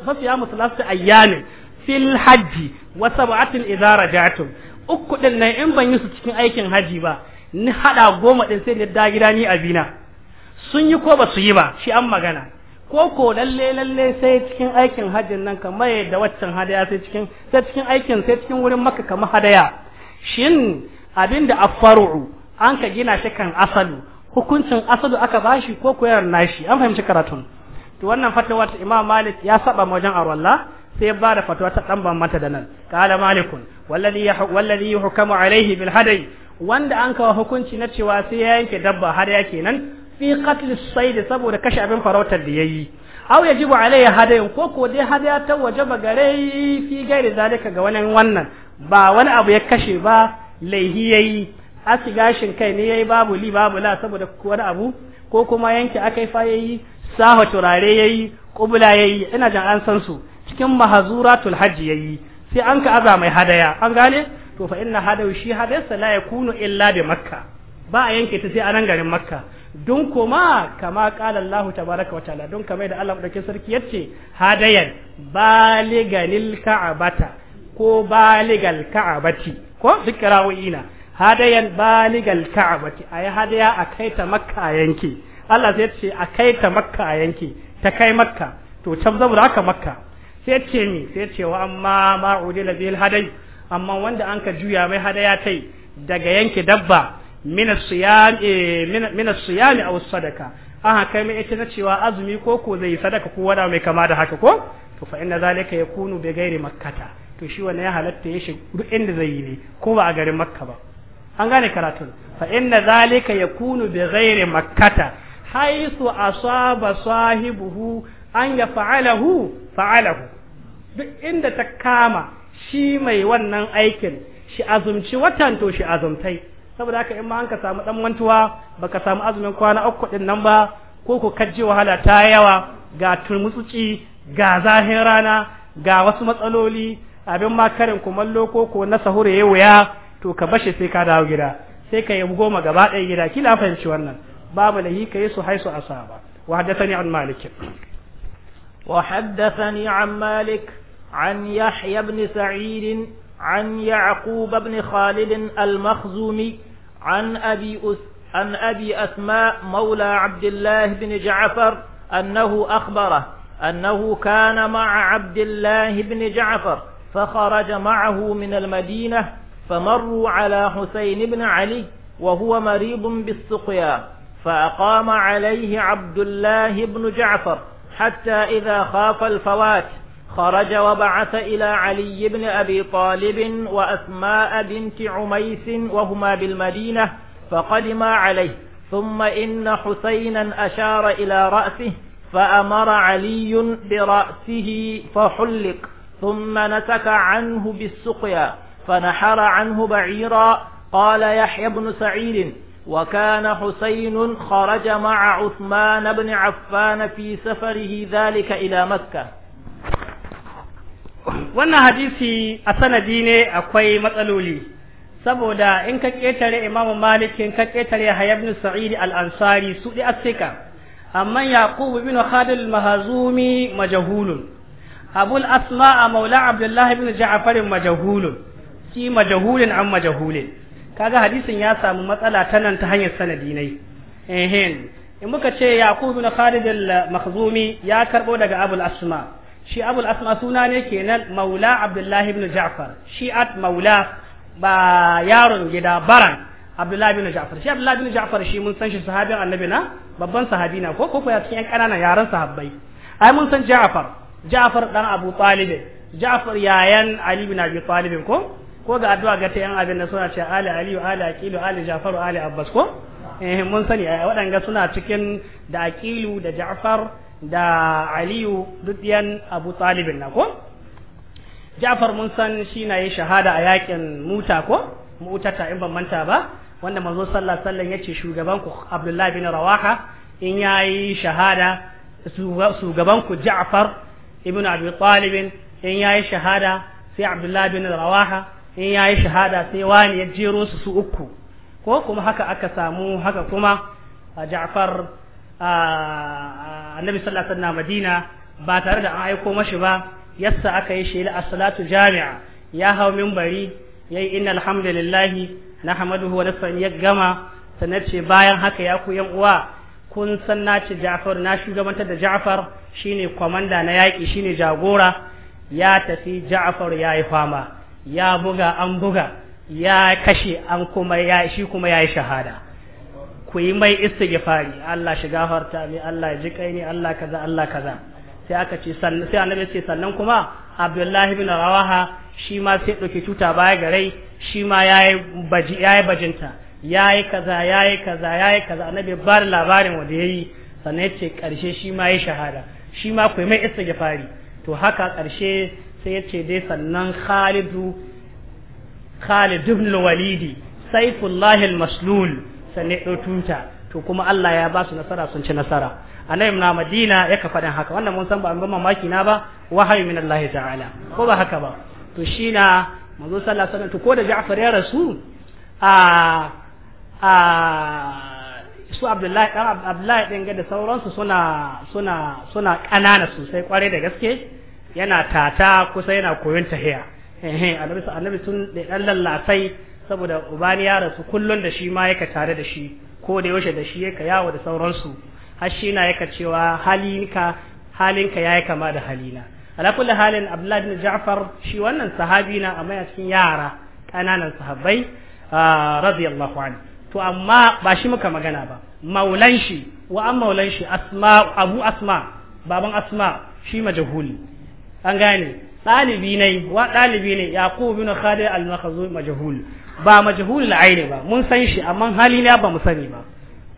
fasiyamu salasu ayyamin fil hajji wa sab'atin idza rajatum uku din nan in ban yi su cikin aikin haji ba ni hada goma ɗin sai ni da gida ni abina sun yi ko ba su yi ba shi an magana ko ko lalle lalle sai cikin aikin hajjin nan kamar da waccan hadaya sai cikin aikin sai cikin wurin maka kamar hadaya shin abinda affaru an ka gina shi kan asalu hukuncin asalu aka bashi ko koyar na shi an fahimci karatun to wannan fatawa ta Imam Malik ya saba wajen arwalla sai ba da fatawa ta dan mata da nan qala malikun wallazi wallazi yuhkamu alaihi bil hadai wanda an kawo hukunci na cewa sai ya yanke dabba ya kenan fi qatl sayd saboda kashe abin farautar da yayi aw yajibu alaihi hadai ko ko dai hadai ta waje yi fi gairi zalika ga wannan wannan ba wani abu ya kashe ba laihi ya yayi aski gashin kai ne ya yi babu li babu la saboda wani abu ko kuma yanke yi fa yi saho turare yayi ya yi ina jan an san su cikin tulhaji ya yi sai an ka aza mai hadaya an gane to fa inna hadau shi hadaysa la yakunu illa bi makka ba a yanke ta sai a nan garin makka don kuma kama kala Allah tabaraka wa ta'ala don kamar da Allah madaukakin sarki yace hadayan baliganil ka'abata ko baligal ka'abati ko duk kirawoyi na hadayan baligal ka'abati ayi hadaya a kai ta makka yanki Allah zai ce a kai ta makka yanki ta kai makka to can saboda haka makka sai ce ni sai yace wa amma ma udila bil hadai amma wanda an ka juya mai hadaya tai daga yanke dabba min asiyam eh, min asiyam aw sadaka aha kai mai ita na cewa azumi ko ko zai sadaka ko wada mai kama da haka ko to fa inna zalika yakunu bi ghairi makkata to shi wanne ya halatta ya shiga duk inda zai yi ne ko ba a garin makka ba an gane karatun fa inna zalika yakunu bi ghairi makkata haythu asaba sahibuhu an ya fa'alahu duk inda ta kama shi mai wannan aikin shi azumci watan to shi azumtai saboda haka in ma an ka samu dan mantuwa baka samu azumin kwana uku din nan ba ko ku kaje wahala ta yawa ga turmutsuci ga zahin rana ga wasu matsaloli abin ma karin kumallo ko ko na sahur yayi wuya to ka bashi sai ka dawo gida sai ka yi goma gaba ɗaya gida kila fahimci wannan babu lahi ka yi su haisu asaba wa haddathani an malik wa haddathani an malik an yahya ibn sa'id an yaqub ibn khalid al-makhzumi an abi us an abi asma mawla abdullah ibn ja'far annahu akhbara أنه كان مع عبد الله بن جعفر فخرج معه من المدينة فمروا على حسين بن علي وهو مريض بالسقيا فأقام عليه عبد الله بن جعفر حتى إذا خاف الفوات خرج وبعث إلى علي بن أبي طالب وأسماء بنت عميس وهما بالمدينة فقدما عليه ثم إن حسينا أشار إلى رأسه فأمر علي برأسه فحلق ثم نسك عنه بالسقيا فنحر عنه بعيرا قال يحيى بن سعيد وكان حسين خرج مع عثمان بن عفان في سفره ذلك إلى مكة وانا حديثي أسنى ديني أكوي مطلولي سبودا إنك إيتر إمام مالك إنك إيتر يحيى بن سعيد الأنصاري سؤل أسكا أما يعقوب بن خالد المهزومي مجهول abul asma maula abdullahi bin ja'far Majahulun shi Majahulin an majhulin kaga hadisin ya samu matsala ta nan ta hanyar sanadi ne ehin in muka ce yaqub bin khalid al-makhzumi ya karbo daga abul asma shi abul asma suna ne kenan maula abdullahi bin ja'far shi at maula ba yaron gida baran abdullahi bin ja'far shi abdullahi bin ja'far shi mun san shi sahabin annabi na babban sahabi na ko ko ya cikin yan kananan yaran sahabbai ai mun san ja'far Ja'far dan Abu Talib Ja'far yayan Ali bin Abi Talib ko ko ga addu'a ga ta yan abin da suna ce Ali Ali Ali Aqilu Ali Ja'far Ali Abbas ko eh mun sani eh, waɗanga suna cikin da Aqilu da Ja'far da Aliyu duk yan Abu Talib na ko Ja'far mun san shi na yi shahada a yakin Muta ko Mutata in ban manta ba wanda manzo sallallahu alaihi wasallam yace shugaban ku Abdullah bin Rawaha in yayi shahada gaban ku Ja'far ibn abi talib in yayi shahada sai abdullahi bin rawaha in yayi shahada sai wani ya jero su su uku ko kuma haka aka samu haka kuma a ja'far annabi sallallahu alaihi wasallam madina ba tare da an aiko mashi ba yassa aka yi shi a salatu jami'a ya hau minbari yayi inna alhamdulillahi nahmaduhu wa nasta'inuhu ya gama sanar ce bayan haka ya ku yan uwa kun san na ce Ja'far na shugabantar da Ja'far shine kwamanda na yaki shine jagora ya tafi Ja'far ya yi fama ya buga an buga ya kashe an kuma ya shi kuma ya yi shahada ku yi mai istighfari Allah shi gafarta mai Allah ji kai ne Allah kaza Allah kaza sai aka ce sai annabi ce sannan kuma Abdullahi bin Rawaha shi ma sai ɗauki tuta baya garai shi ma yayi baji yayi bajinta Ya yi kaza ya yi kaza ya yi kaza na ba da labarin wanda yayi sannan ya ce karshe shi ma ya shahada shi ma kuwa mai isa fari to haka karshe sai ya ce dai sannan Khalidu khalidu ibn walidi Saifullah al-Maslul sannan ya tuta to kuma Allah ya ba su nasara sun ci nasara annabi na Madina ya ka faɗin haka wannan mun san ba an mamaki na ba wahayi min Allah ta'ala ko ba haka ba to shi na manzo sallallahu alaihi wasallam to ko da Ja'far ya rasu a a su abdullahi dan abdullahi din ga da sauransu suna suna suna kanana sosai kware da gaske yana tata kusa yana koyon tahiya eh annabi sun da dan lallatai saboda ubani ya rasu kullum da shi ma yake tare da shi ko da yaushe da shi yake yawo da sauransu har shi na yake cewa halinka halinka yayi kama da halina ala kulli halin abdullahi bin ja'far shi wannan sahabi na amma cikin yara ƙananan sahabbai radiyallahu anhu to amma ba shi muka magana ba maulan shi wa an maulan shi asma abu asma baban asma shi majahuli an gane ɗalibi ne wa ɗalibi ne yaqub bin khalid al makhzu majhul ba majhul al-aini ba mun san shi amma hali ne ba mu sani ba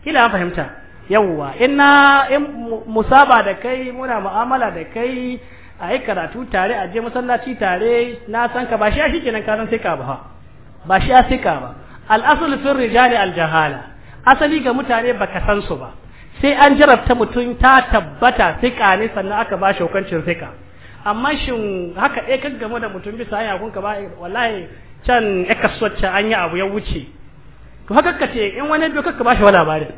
kila an fahimta yawwa inna in musaba da kai muna mu'amala da kai a yi karatu tare a je masallaci tare na san ka ba shi a shi kenan ka san sai ka ba ba shi a sai ka ba al'asul fil rijali al jahala asali ga mutane baka san su ba sai an jarabta mutum ta tabbata fika ne sannan aka ba shi hukuncin fika amma shin haka ɗaya kan game da mutum bisa ya kun ka ba wallahi can ya kasuwacce an yi abu ya wuce to haka ka ce in wani biyu ka ba shi wa labarin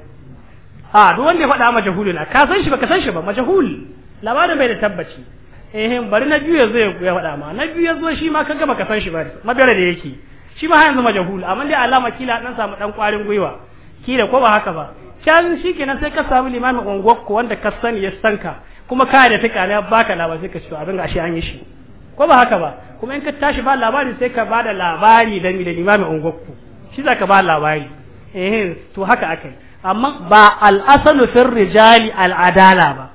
a ah, duk wanda ya faɗa majahuli na ka san shi ba ka san shi ba majahul labarin bai da tabbaci eh bari na biyu ya zo ya faɗa ma na biyu ya zo shi ma ka gama ka san shi ba mabiyar da yake shi ma yanzu majahul amma dai alama kila dan samu dan kwarin gwiwa kila ko ba haka ba can shikenan sai ka samu limamin ungwakko wanda ka sani ya sanka kuma ka da tuka ne baka labarin sai ka ci abin gashi an yi shi ko ba haka ba kuma in ka tashi ba labari sai ka bada labari da labari da limamin ungwakko shi zaka ba labari eh to haka akai amma ba al asanu fir rijali al-adala ba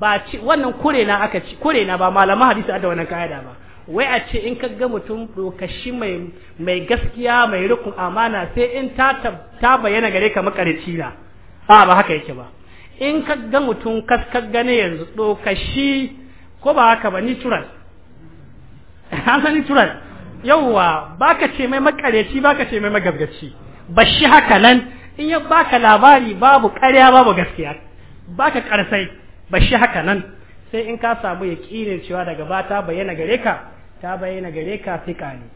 ba wannan kure na aka ci kure na ba malaman hadisi da wannan kaida ba wai a ce in ka ga mutum dokashi mai mai gaskiya mai rukun amana sai in ta ta bayyana gare ka makarici na a ba haka yake ba in ka ga mutum kaskar gane yanzu dokashi ko ba haka ba nitural an san nitural yauwa baka ce mai ba baka ce mai magabgaci shi haka nan in ya baka labari babu karya babu gaskiya baka karsai shi haka nan sai in ka samu ya cewa daga bata bayyana gare ka ta bayyana gare ka fiqa ne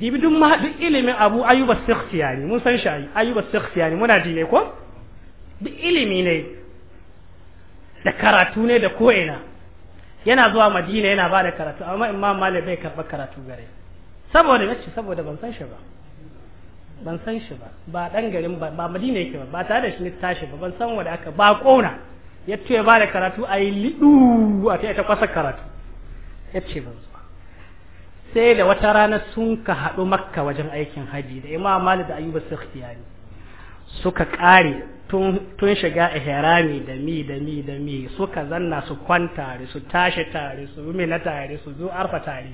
dibi duk ma duk ilimin abu ayyuba ne mun san shi ayyuba ne muna dine ko duk ilimi ne da karatu ne da ko ina yana zuwa madina yana ba da karatu amma ma malik bai karba karatu gare saboda yace saboda ban san shi ba ban san shi ba ba dan garin ba ba madina yake ba ba tare da shi ne tashi ba ban san wanda aka ba kona ya ba da karatu a yi lidu a ta kwasa karatu yace ce ban sai da wata rana sun ka haɗu makka wajen aikin haji da imam malik da ayyuba sakhtiyani suka ƙare tun shiga ihrami da mi da mi da mi suka zanna su kwanta su tashi tare su rumi na tare su zo arfa tare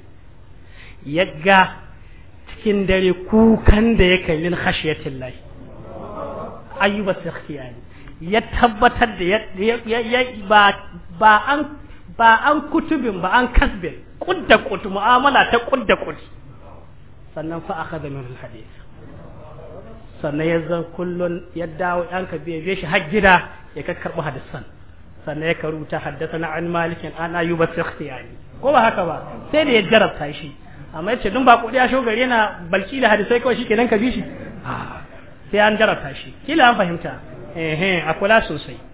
yagga cikin dare kukan da yake min khashiyatin lahi ayyuba sakhtiyani ya tabbatar da ya ba ba an ba an kutubin ba an kasbin kudda kut mu'amala ta kudda kut sannan fa akhadha min alhadith sannan ya zan kullun ya dawo an ka biye shi har gida ya kakkarbi hadisan sannan ya karuta haddathana an malikin an ayyuba sikhtiyani ko ba haka ba sai da ya jarabta shi amma yace dun ba kudi a shogari yana balki da hadisai kawai shikenan ka bi shi ah, sai an jarabta shi kila an fahimta eh eh akwai sosai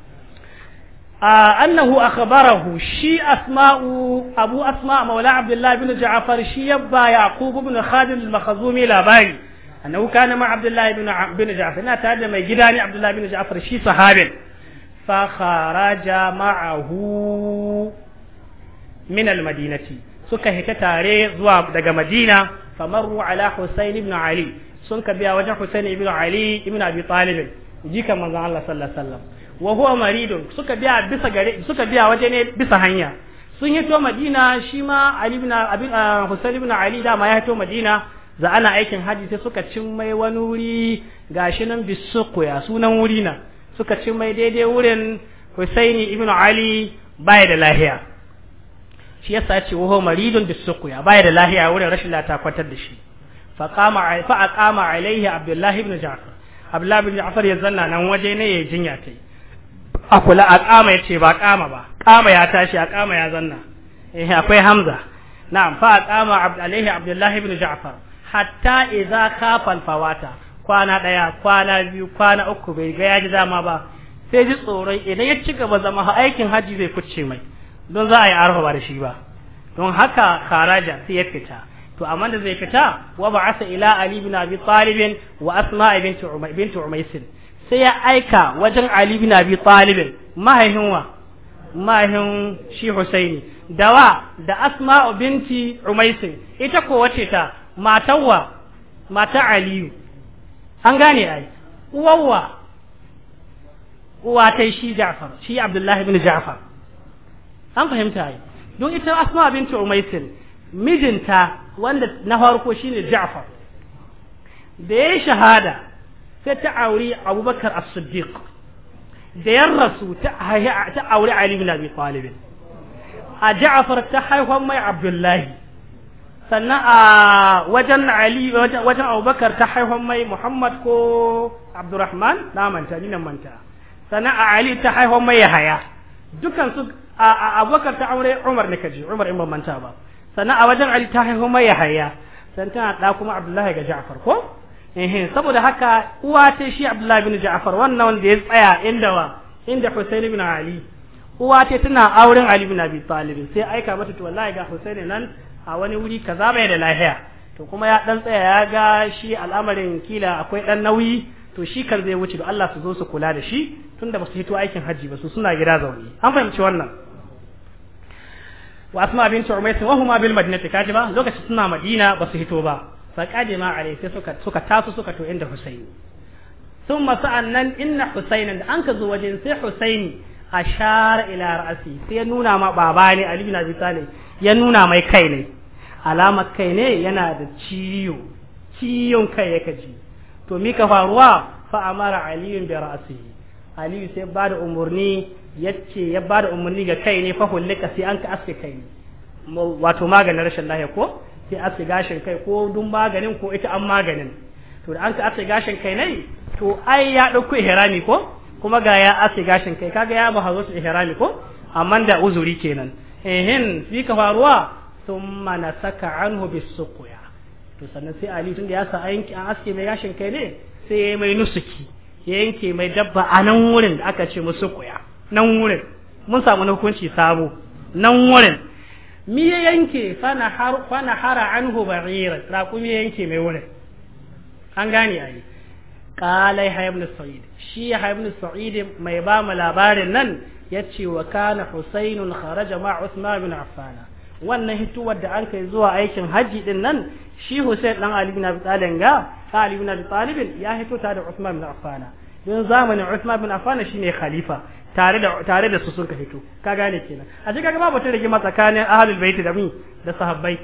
annahu akhbarahu shi asma'u abu asma maula abdullah ibn ja'far shi yabba yaqub ibn khalid al-makhzumi labari annahu kana ma abdullah mai gida ne abdullah shi sahabin fa madinati suka hita tare zuwa daga madina famaru ala husain ibn biya wajen husain jika manzon wa huwa maridun suka biya bisa gare suka biya waje ne bisa hanya sun hito madina shi ma ali ibn abin ah, husayn ibn ali da ma ya hito madina za ana aikin haji sai suka cin mai wani wuri gashi nan bisuqya sunan wuri na suka cin mai daidai wurin husaini ibn ali baya da lahiya shi yasa ce wa huwa maridun bisuqya baya da lahiya wurin rashin lata kwatar da shi fa qama fa aqama alaihi abdullahi ibn ja'far abdullahi ibn ja'far ya zanna nan waje ne ya jinya tai a kula a kama ce ba kama ba kama ya tashi a kama ya zanna eh akwai hamza na'am fa kama alaihi Abdullahi ibn ja'far hatta idza khafa al-fawata kwana daya kwana biyu kwana uku bai ga yaji dama ba sai ji tsoron idan ya ci gaba zama aikin haji zai kuce mai don za a yi arfa ba da shi ba don haka kharaja sai ya fita to amma da zai fita wa ba'asa ila ali ibn abi talib wa asma bint umay bint umaysin sai ya aika wajen Ali bin Abi Talib mahaihin wa mahaihin shi Husaini dawa da Asma'u binti Umais ita ko wace ta matawa mata Aliyu an gane ai uwawa uwa ta shi Ja'far shi Abdullahi bin Ja'far an fahimta ai don ita Asma'u binti Umais mijinta wanda na farko shine Ja'far da ya shahada sai ta auri abubakar as-siddiq da yan rasu ta auri ali ibn abi talib a ja'far ta haifan mai abdullahi sannan a wajen ali wajen abubakar ta haifan mai muhammad ko abdurrahman na manta ni nan manta sannan a ali ta haifan mai yahaya dukan su a abubakar ta aure umar ne kaji umar in ban manta ba sannan a wajen ali ta haifan mai yahaya sannan tana da kuma abdullahi ga ja'far ko ehe saboda haka uwa ta shi Abdullahi bin Ja'far wannan wanda ya tsaya inda wa inda husain bin Ali uwa ta tana auren Ali bin Abi Talib sai aika mata to wallahi ga husain nan a wani wuri kaza bai da lahiya to kuma ya dan tsaya ya ga shi al'amarin kila akwai dan nauyi to shi kan zai wuce da Allah su zo su kula da shi tunda ba su hito aikin hajji ba su suna gida zaune an fahimci wannan wa asma bin umayth wa huma bil madinati kajiba ba lokacin suna madina ba su hito ba faqadima alai sai suka suka taso suka to inda husaini thumma sa'annan inna da an ka zo wajen sai husaini shara ila ra'si sai nuna ma baba ne ali bin ya nuna mai kai ne alamar kai ne yana da ciyo ciyon kai ya kaji to mika faruwa fa amara aliyun bi ra'sihi aliyu sai ba da umarni ce ya ba da umarni ga kai ne fa hullika sai an ka aske kai ne wato maganin rashin lahiya ko sai aske gashin kai ko dun maganin ko ita an maganin to da an ka aske gashin kai nai to ai ya dauko ihrami ko kuma ga ya aske gashin kai kaga ya ba hazo ihrami ko amma da uzuri kenan ehin fi ka faruwa thumma nasaka anhu bisuqya to sannan sai ali tunda ya sa ayin an aske mai gashin kai ne sai ya mai nusuki ya yanke mai dabba a nan wurin da aka ce musu kuya nan wurin mun samu na hukunci sabo nan wurin mi ya yanke fana hara anhu ba'iran raƙumi ya yanke mai wurin an gane a yi ƙalai ya sa'id shi ya haibin sa'id mai ba mu labarin nan ya ce wa kana husainun kharaja ma usman bin affana wannan hituwar da an kai zuwa aikin hajji din nan shi husain dan ali bin abi talib ga ali bin abi talib ya hito ta da usman bin affana don zamanin usman bin affana shine khalifa tare da tare da su sun ka fito ka gane kenan a ji kaga babu rigima tsakanin ahlul bait da mi da sahabbai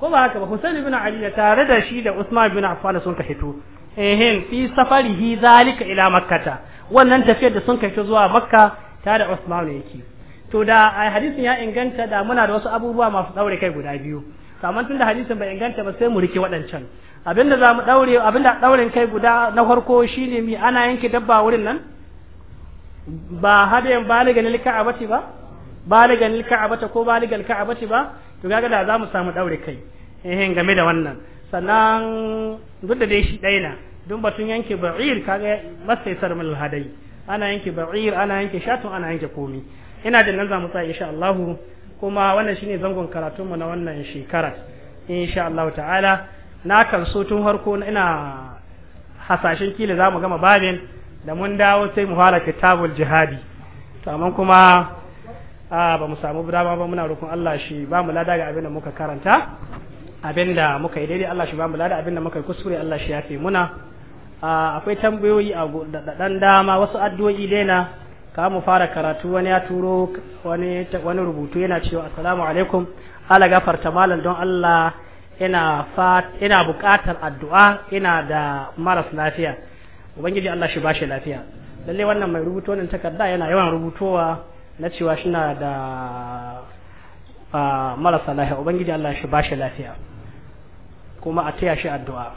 ko ba haka ba Husain ibn Ali tare da shi da Usman ibn Affan sun ka fito ehin fi safarihi zalika ila makkata wannan tafiyar da sun kai zuwa makka ta da Usman yake to da hadisin ya inganta da muna da wasu abubuwa masu daure kai guda biyu amma tun da hadisin bai inganta ba sai mu rike waɗancan abinda za mu daure abinda dauren kai guda na farko shine mi ana yanke dabba wurin nan ba hadayan baligan lilka'abati ba baligan lilka'abata ko baligan lilka'abati ba to kaga da za samu daure kai eh game da wannan sannan duk da dai shi dai na dun batun yanke ba'ir kaga masaisar mil hadai ana yanke ba'ir ana yanke shatun ana yanke komi ina da nan za mu tsaya insha Allah kuma wannan shine zangon karatun mu na wannan shekara insha Allah ta'ala na kan so tun harko ina hasashen kila zamu gama babin da mun dawo sai mu fara kitabul jihadi to amma kuma a ba mu samu dama ba muna roƙon Allah shi ba mu lada ga abin da muka karanta abin da muka yi daidai Allah shi ba mu lada abin da muka yi kuskure Allah shi yafe muna akwai tambayoyi a da dan dama wasu addu'o'i daina ka mu fara karatu wani ya turo wani wani rubutu yana cewa assalamu alaikum ala gafarta malam don Allah ina fat ina buƙatar addu'a ina da maras lafiya ubangiji Allah shi bashi lafiya lalle wannan mai rubuto nan takarda yana yawan rubutowa na cewa shi na da marasa lafiya ubangiji Allah shi bashi lafiya kuma a taya shi addu'a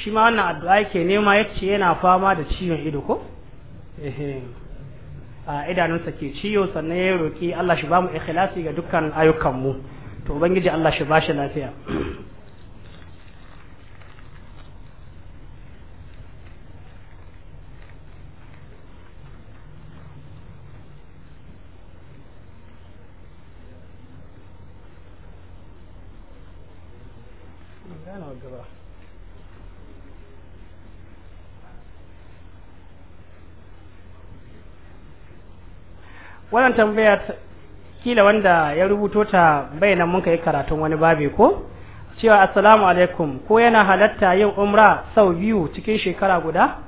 shi ma wannan addu'a yake nema yace yana fama da ciwon ido ko ehem A idanunsa ke ciwo sannan ya roki Allah shi ba mu ikhlasi ga dukkan ayyukanmu mu to ubangiji Allah shi ba shi lafiya wannan tambaya kila wanda ya rubuto ta bayanan mun kai karatun wani babi ko cewa assalamu alaikum ko yana halatta yin umra sau biyu cikin shekara guda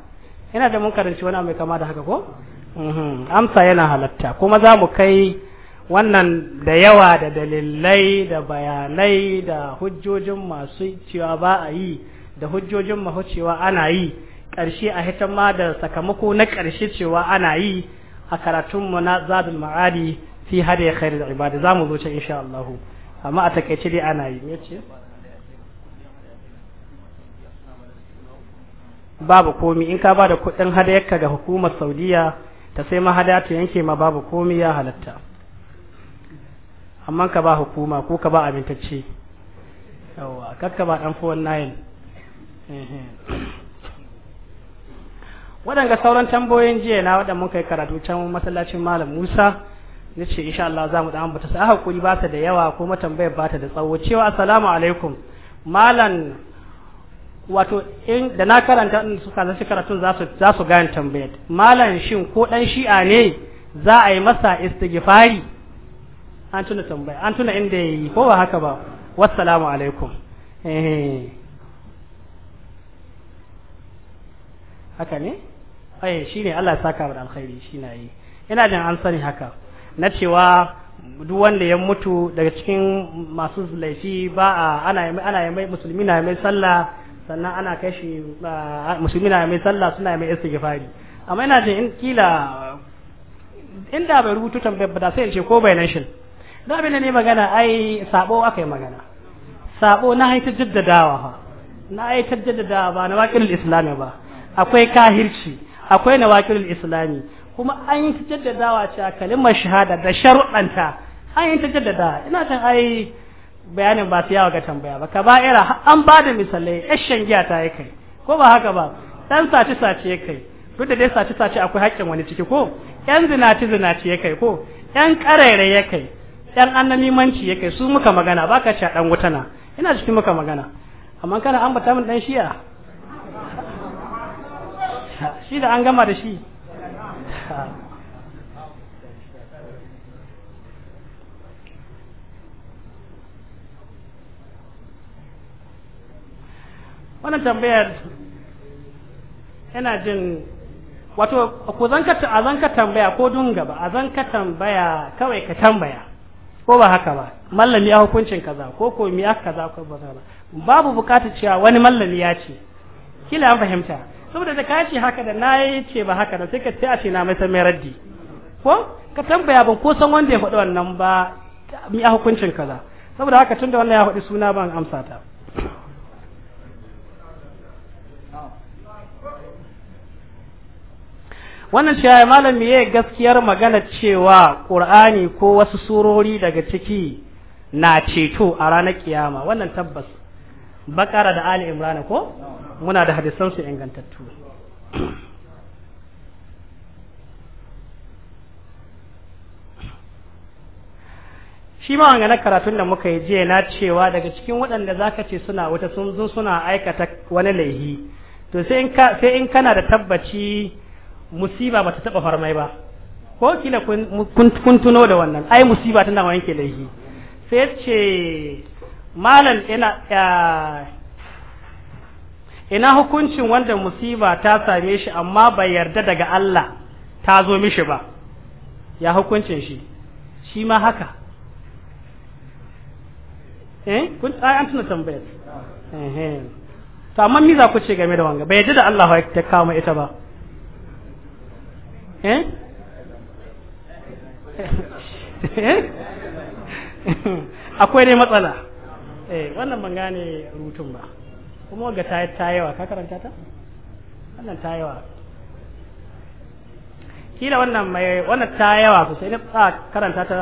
yana da mun karanci wani mai kama da haka ko mhm. amsa yana halatta kuma za mu kai wannan da yawa da dalilai da bayanai da hujjojin masu cewa ba a yi da hujjojin mahucewa ana yi ƙarshe a hitan ma da sakamako na ƙarshe cewa ana yi a karatunmu na zadul ma'adi fi hada ya khairu ibadi za mu zo can insha Allah amma a takaice dai ana yi me ce babu komi in ka bada kudin hadayarka ga hukumar Saudiya ta sai ma hadaya ta yanke ma babu komi ya halatta amma ka ba hukuma ko ka ba amintacce yawa kakka ba dan nayin. waɗanga sauran tambayoyin jiya na waɗanda muka yi karatu can masallacin malam musa na ce insha Allah za mu da ambata sa hakuri ba ta da yawa ko tambayar ba ta da tsawo cewa assalamu alaikum malam wato in da na karanta in suka zaci karatu za su za su gane tambayar malam shin ko dan shi'a ne za a yi masa istighfari an tuna tambaya an tuna inda yayi ko ba haka ba wassalamu alaikum eh haka ne ai shine Allah ya saka da alkhairi shine yi ina jin an sani haka na cewa duk wanda ya mutu daga cikin masu laifi ba a ana ana mai musulmi na mai sallah sannan ana kai shi musulmi na mai sallah suna mai istighfari amma ina jin in kila inda bai rubutu tambayar ba da sai in ce ko bai nan shin da abin da ne magana ai sabo aka yi magana sabo na haita jaddadawa na haita jaddadawa ba na wakilin islami ba akwai kahirci akwai wakilin islami kuma an yi ta jaddadawa cewa kalimar shahada da sharuɗanta an yi ta jaddadawa ina can ai bayanin ba su yawa ga tambaya ba ira an ba da misalai yashan giya ta yi kai ko ba haka ba ɗan sace sace ya kai duk da dai sace sace akwai haƙƙin wani ciki ko yan zinaci zinaci ya kai ko yan ƙaraire ya kai yan annamimanci ya kai su muka magana baka ci a ɗan wutana ina cikin muka magana amma kana ta min ɗan shiya shi da an gama da shi wannan tambayar yana jin wato ku zanka a zanka tambaya ko dunga ba a zanka tambaya kawai ka tambaya ko ba haka ba mallami ya hukuncin kaza ko ko mi aka kaza ko ba babu bukatar cewa wani mallami ya ce kila an fahimta saboda da ka ce haka da na yi ce ba haka da sai ka ce a ce na mai san mai raddi ko ka tambaya ban ko san wanda ya faɗi wannan ba mi a hukuncin kaza saboda haka tun da wannan ya faɗi suna ban amsa ta wannan ce ya malam ya gaskiyar magana cewa qur'ani ko wasu surori daga ciki na ceto a ranar kiyama wannan tabbas bakara da ali imrana ko muna da hadisan su ingantattu shi ma wanga na karatun da muka yi jiya na cewa daga cikin waɗanda zaka ce suna wata sun zo suna aikata wani laihi to sai in kana da tabbaci musiba ba ta taɓa farmai ba ko kila kun tuno da wannan ai musiba tana wanke laihi sai ce malam ina ina hukuncin wanda musiba ta same shi amma bai yarda daga Allah ta zo mishi ba ya hukuncin shi shi ma haka eh kun ai an tuna tambayar eh to amma me za ku ce game da wanga bai yarda da Allah ya kawo ita ba eh, eh? akwai ne matsala eh wannan ban gane rutun ba kuma ga ta ta yawa ka karanta ta wannan ta yawa kila wannan mai wannan ta yawa sosai ka karanta ta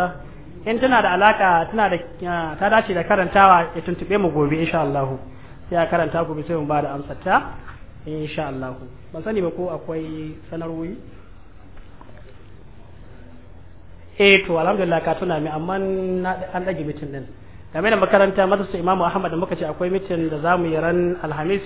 in tana da alaka tana da ah, ta dace da karantawa ya tuntube mu gobe insha Allah sai ya karanta gobe sai mu ba da amsar ta insha Allah ban sani ba ko akwai sanarwoyi eh to alhamdulillah ka tuna mi amma an dage mutun din game da makaranta madrasa imamu ahmad da muka ce akwai mitin da zamu yi ran alhamis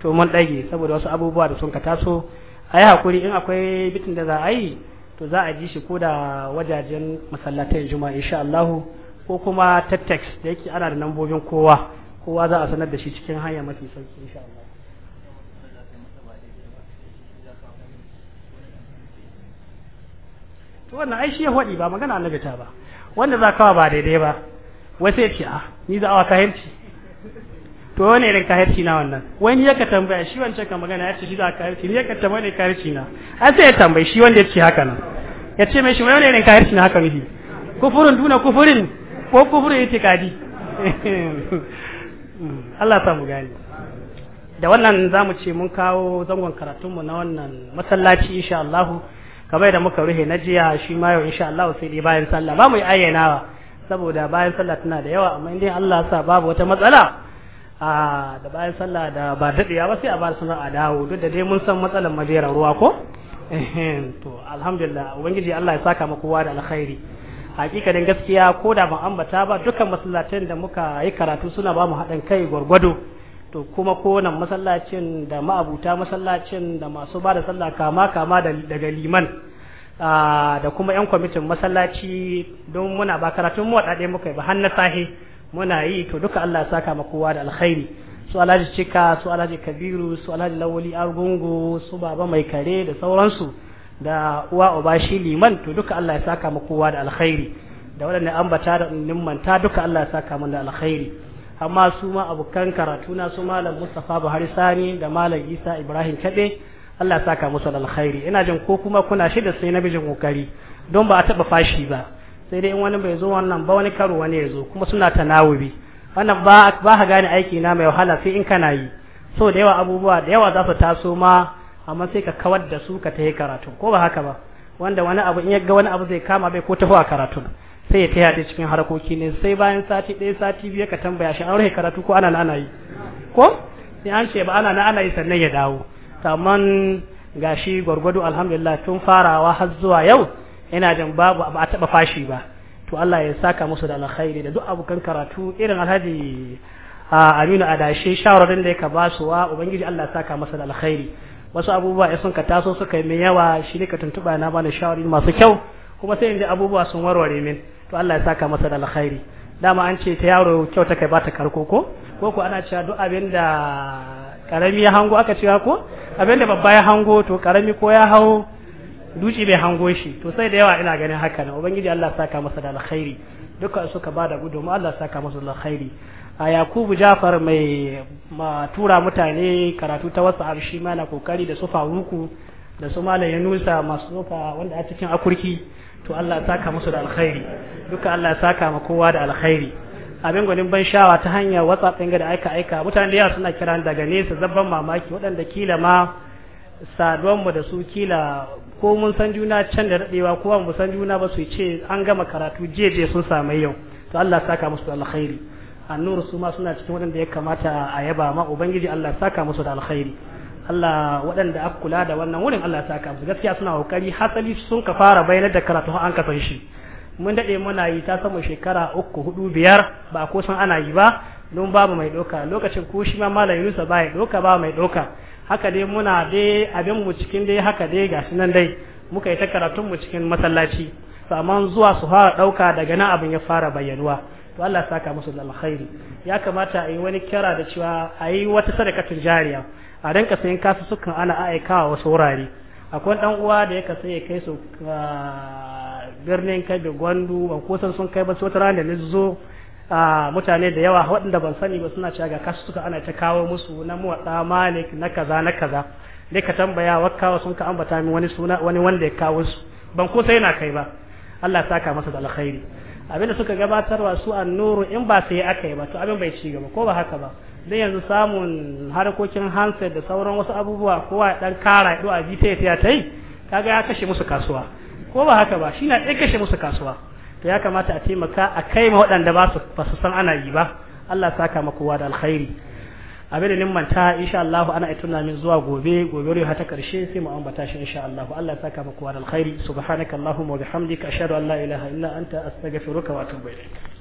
to mun dage saboda wasu abubuwa da sun ka taso a yi hakuri in akwai mitin da za a yi to za a ji shi ko da wajajen masallatai juma'a insha Allah ko kuma ta text da yake ana da nambobin kowa kowa za a sanar da shi cikin hanya mafi sauki insha Allah wannan ai shi ya ba magana annabi ta ba wanda za kawa ba daidai ba wai sai ce a ah, ni za awa kahirci to wani irin kahirci na wannan wani yaka tambaya shi wancan ka magana ya ce shi za kahirci ni yaka tambaya ne kahirci na a sai ya tambayi shi wanda ya ce haka nan ya ce mai shi wani irin kahirci na haka nufi kufurin duna kufurin ko kufurin ya kadi Allah ta mu gani da wannan za mu ce mun kawo zangon karatunmu na wannan masallaci insha Allah kamar da muka ruhe na jiya shi ma yau insha Allah sai dai bayan sallah ba mu yi ayyanawa saboda bayan sallah tana da yawa amma indai Allah sa babu wata matsala a da bayan sallah da ba daɗewa ba sai a bar sunan a dawo duk da dai mun san matsalar majera ruwa ko to alhamdulillah ubangiji Allah ya saka mu kowa da alkhairi hakikanin gaskiya ko da ban ambata ba dukkan masallacin da muka yi karatu suna ba mu haɗin kai gwargwado to kuma ko nan masallacin da ma'abuta masallacin da masu ba da sallah kama kama daga liman da kuma yan kwamitin masallaci don muna ba karatun mu wadade muka yi ba hannu sahi muna yi to duka Allah ya saka ma kowa da alkhairi su Alhaji Cika su Alhaji Kabiru su Alhaji Lawali Argungu su Baba Mai Kare da sauransu da uwa shi Liman to duka Allah ya saka ma kowa da alkhairi da waɗanda ambata da manta duka Allah ya saka mana da alkhairi amma su ma abokan karatu na su malam Mustafa Buhari Sani da malam Isa Ibrahim Kade Allah ya saka musu alkhairi ina jin ko kuma kuna shi da sai na bijin kokari don ba a taba fashi ba sai dai in wani bai zo wannan ba wani karo wani ya zo kuma suna tanawubi wannan ba ba ka gane aiki na mai wahala sai in kana yi so da yawa abubuwa da yawa za su taso ma amma sai ka kawar da su ka tayi karatu ko ba haka ba wanda wani abu in ya ga wani abu zai kama bai ko tafi a karatu sai ya taya da cikin harkoki ne sai bayan sati ɗaya sati biyu ka tambaya shi an karatu ko ana na ana yi ko sai an ce ba ana na ana yi sannan ya dawo Saman gashi gwargwado alhamdulillah tun farawa har zuwa yau ina jin babu ba a taba fashi ba to Allah ya saka musu da alkhairi da duk abokan karatu irin alhaji Aminu Adashe shawararin da yake wa ubangiji Allah ya saka masa da alkhairi wasu abubuwa ya sun ka taso suka yi min yawa shi ne ka tuntuba na bani shawarin masu kyau kuma sai inda abubuwa sun warware min to Allah ya saka masa da alkhairi dama an ce ta yaro kyau ta kai ba ta karko ko ko ko ana cewa duk abin da karami ya hango aka cewa ko da babba ya hango to karami ko ya hau duci bai hango shi to sai da yawa ina ganin haka nan ubangiji Allah ya saka masa da alkhairi duka suka bada mu Allah ya saka masa da alkhairi a Yakubu Jafar mai tura mutane karatu ta wasu shi ma na kokari da sufa ruku da su mala ya nusa masu sufa wanda a cikin akurki to Allah ya saka masa da alkhairi duka Allah ya saka ma kowa da alkhairi abin gwanin ban shawa ta hanyar whatsapp ɗin da aika aika mutane da yawa suna kiran daga nesa zabban mamaki waɗanda kila ma saduwanmu da su kila ko mun san juna can da daɗewa ko mu san juna ba su ce an gama karatu jeje sun samu yau to Allah saka musu da alkhairi annur su ma suna cikin waɗanda ya kamata a yaba ma ubangiji Allah saka musu da alkhairi Allah waɗanda aka kula da wannan wurin Allah saka musu gaskiya suna kokari hasali sun ka fara bayyana da karatu an ka san shi mun daɗe muna yi ta sama shekara uku hudu biyar ba a san ana yi ba don babu mai ɗauka lokacin ko shi ma malam yusuf ba ya ɗauka ba mai ɗauka haka dai muna dai abin mu cikin dai haka dai ga nan dai muka yi ta karatun mu cikin masallaci to amma zuwa su fara ɗauka daga nan abin ya fara bayyanuwa to Allah saka musu da alkhairi ya kamata a yi wani kira da cewa a yi wata sadakatun jariya a rinka sayan kasu sukan ana aikawa wasu wurare akwai dan uwa da ya kasa ya kai su ah, birnin kai da gwandu ban kusan sun kai ba sai wata rana da zo mutane da yawa waɗanda ban sani ba suna cewa ga kasuka ana ta kawo musu na muwaɗa malik na kaza na kaza dai ka tambaya wakkawa sun ka ambata min wani suna wani wanda ya kawo su ban ko sai na kai ba Allah saka masa da alkhairi da suka gabatarwa su annuru in ba sai aka yi ba to abin bai ci gaba ko ba haka ba dai yanzu samun harkokin handset da sauran wasu abubuwa kowa dan kara ido a jita ta ta yi kaga ya kashe musu kasuwa ko ba haka ba shi na ɗaya kashe musu kasuwa to ya kamata a taimaka a kai ma waɗanda ba su ba su san ana yi ba Allah saka ma kowa da alkhairi abin da manta insha Allah ana ai tuna min zuwa gobe gobe rewa ta karshe sai mu ambata shi insha Allah Allah saka ma kowa da alkhairi subhanakallahumma wa bihamdika ashhadu an la ilaha illa anta astaghfiruka wa atubu ilaik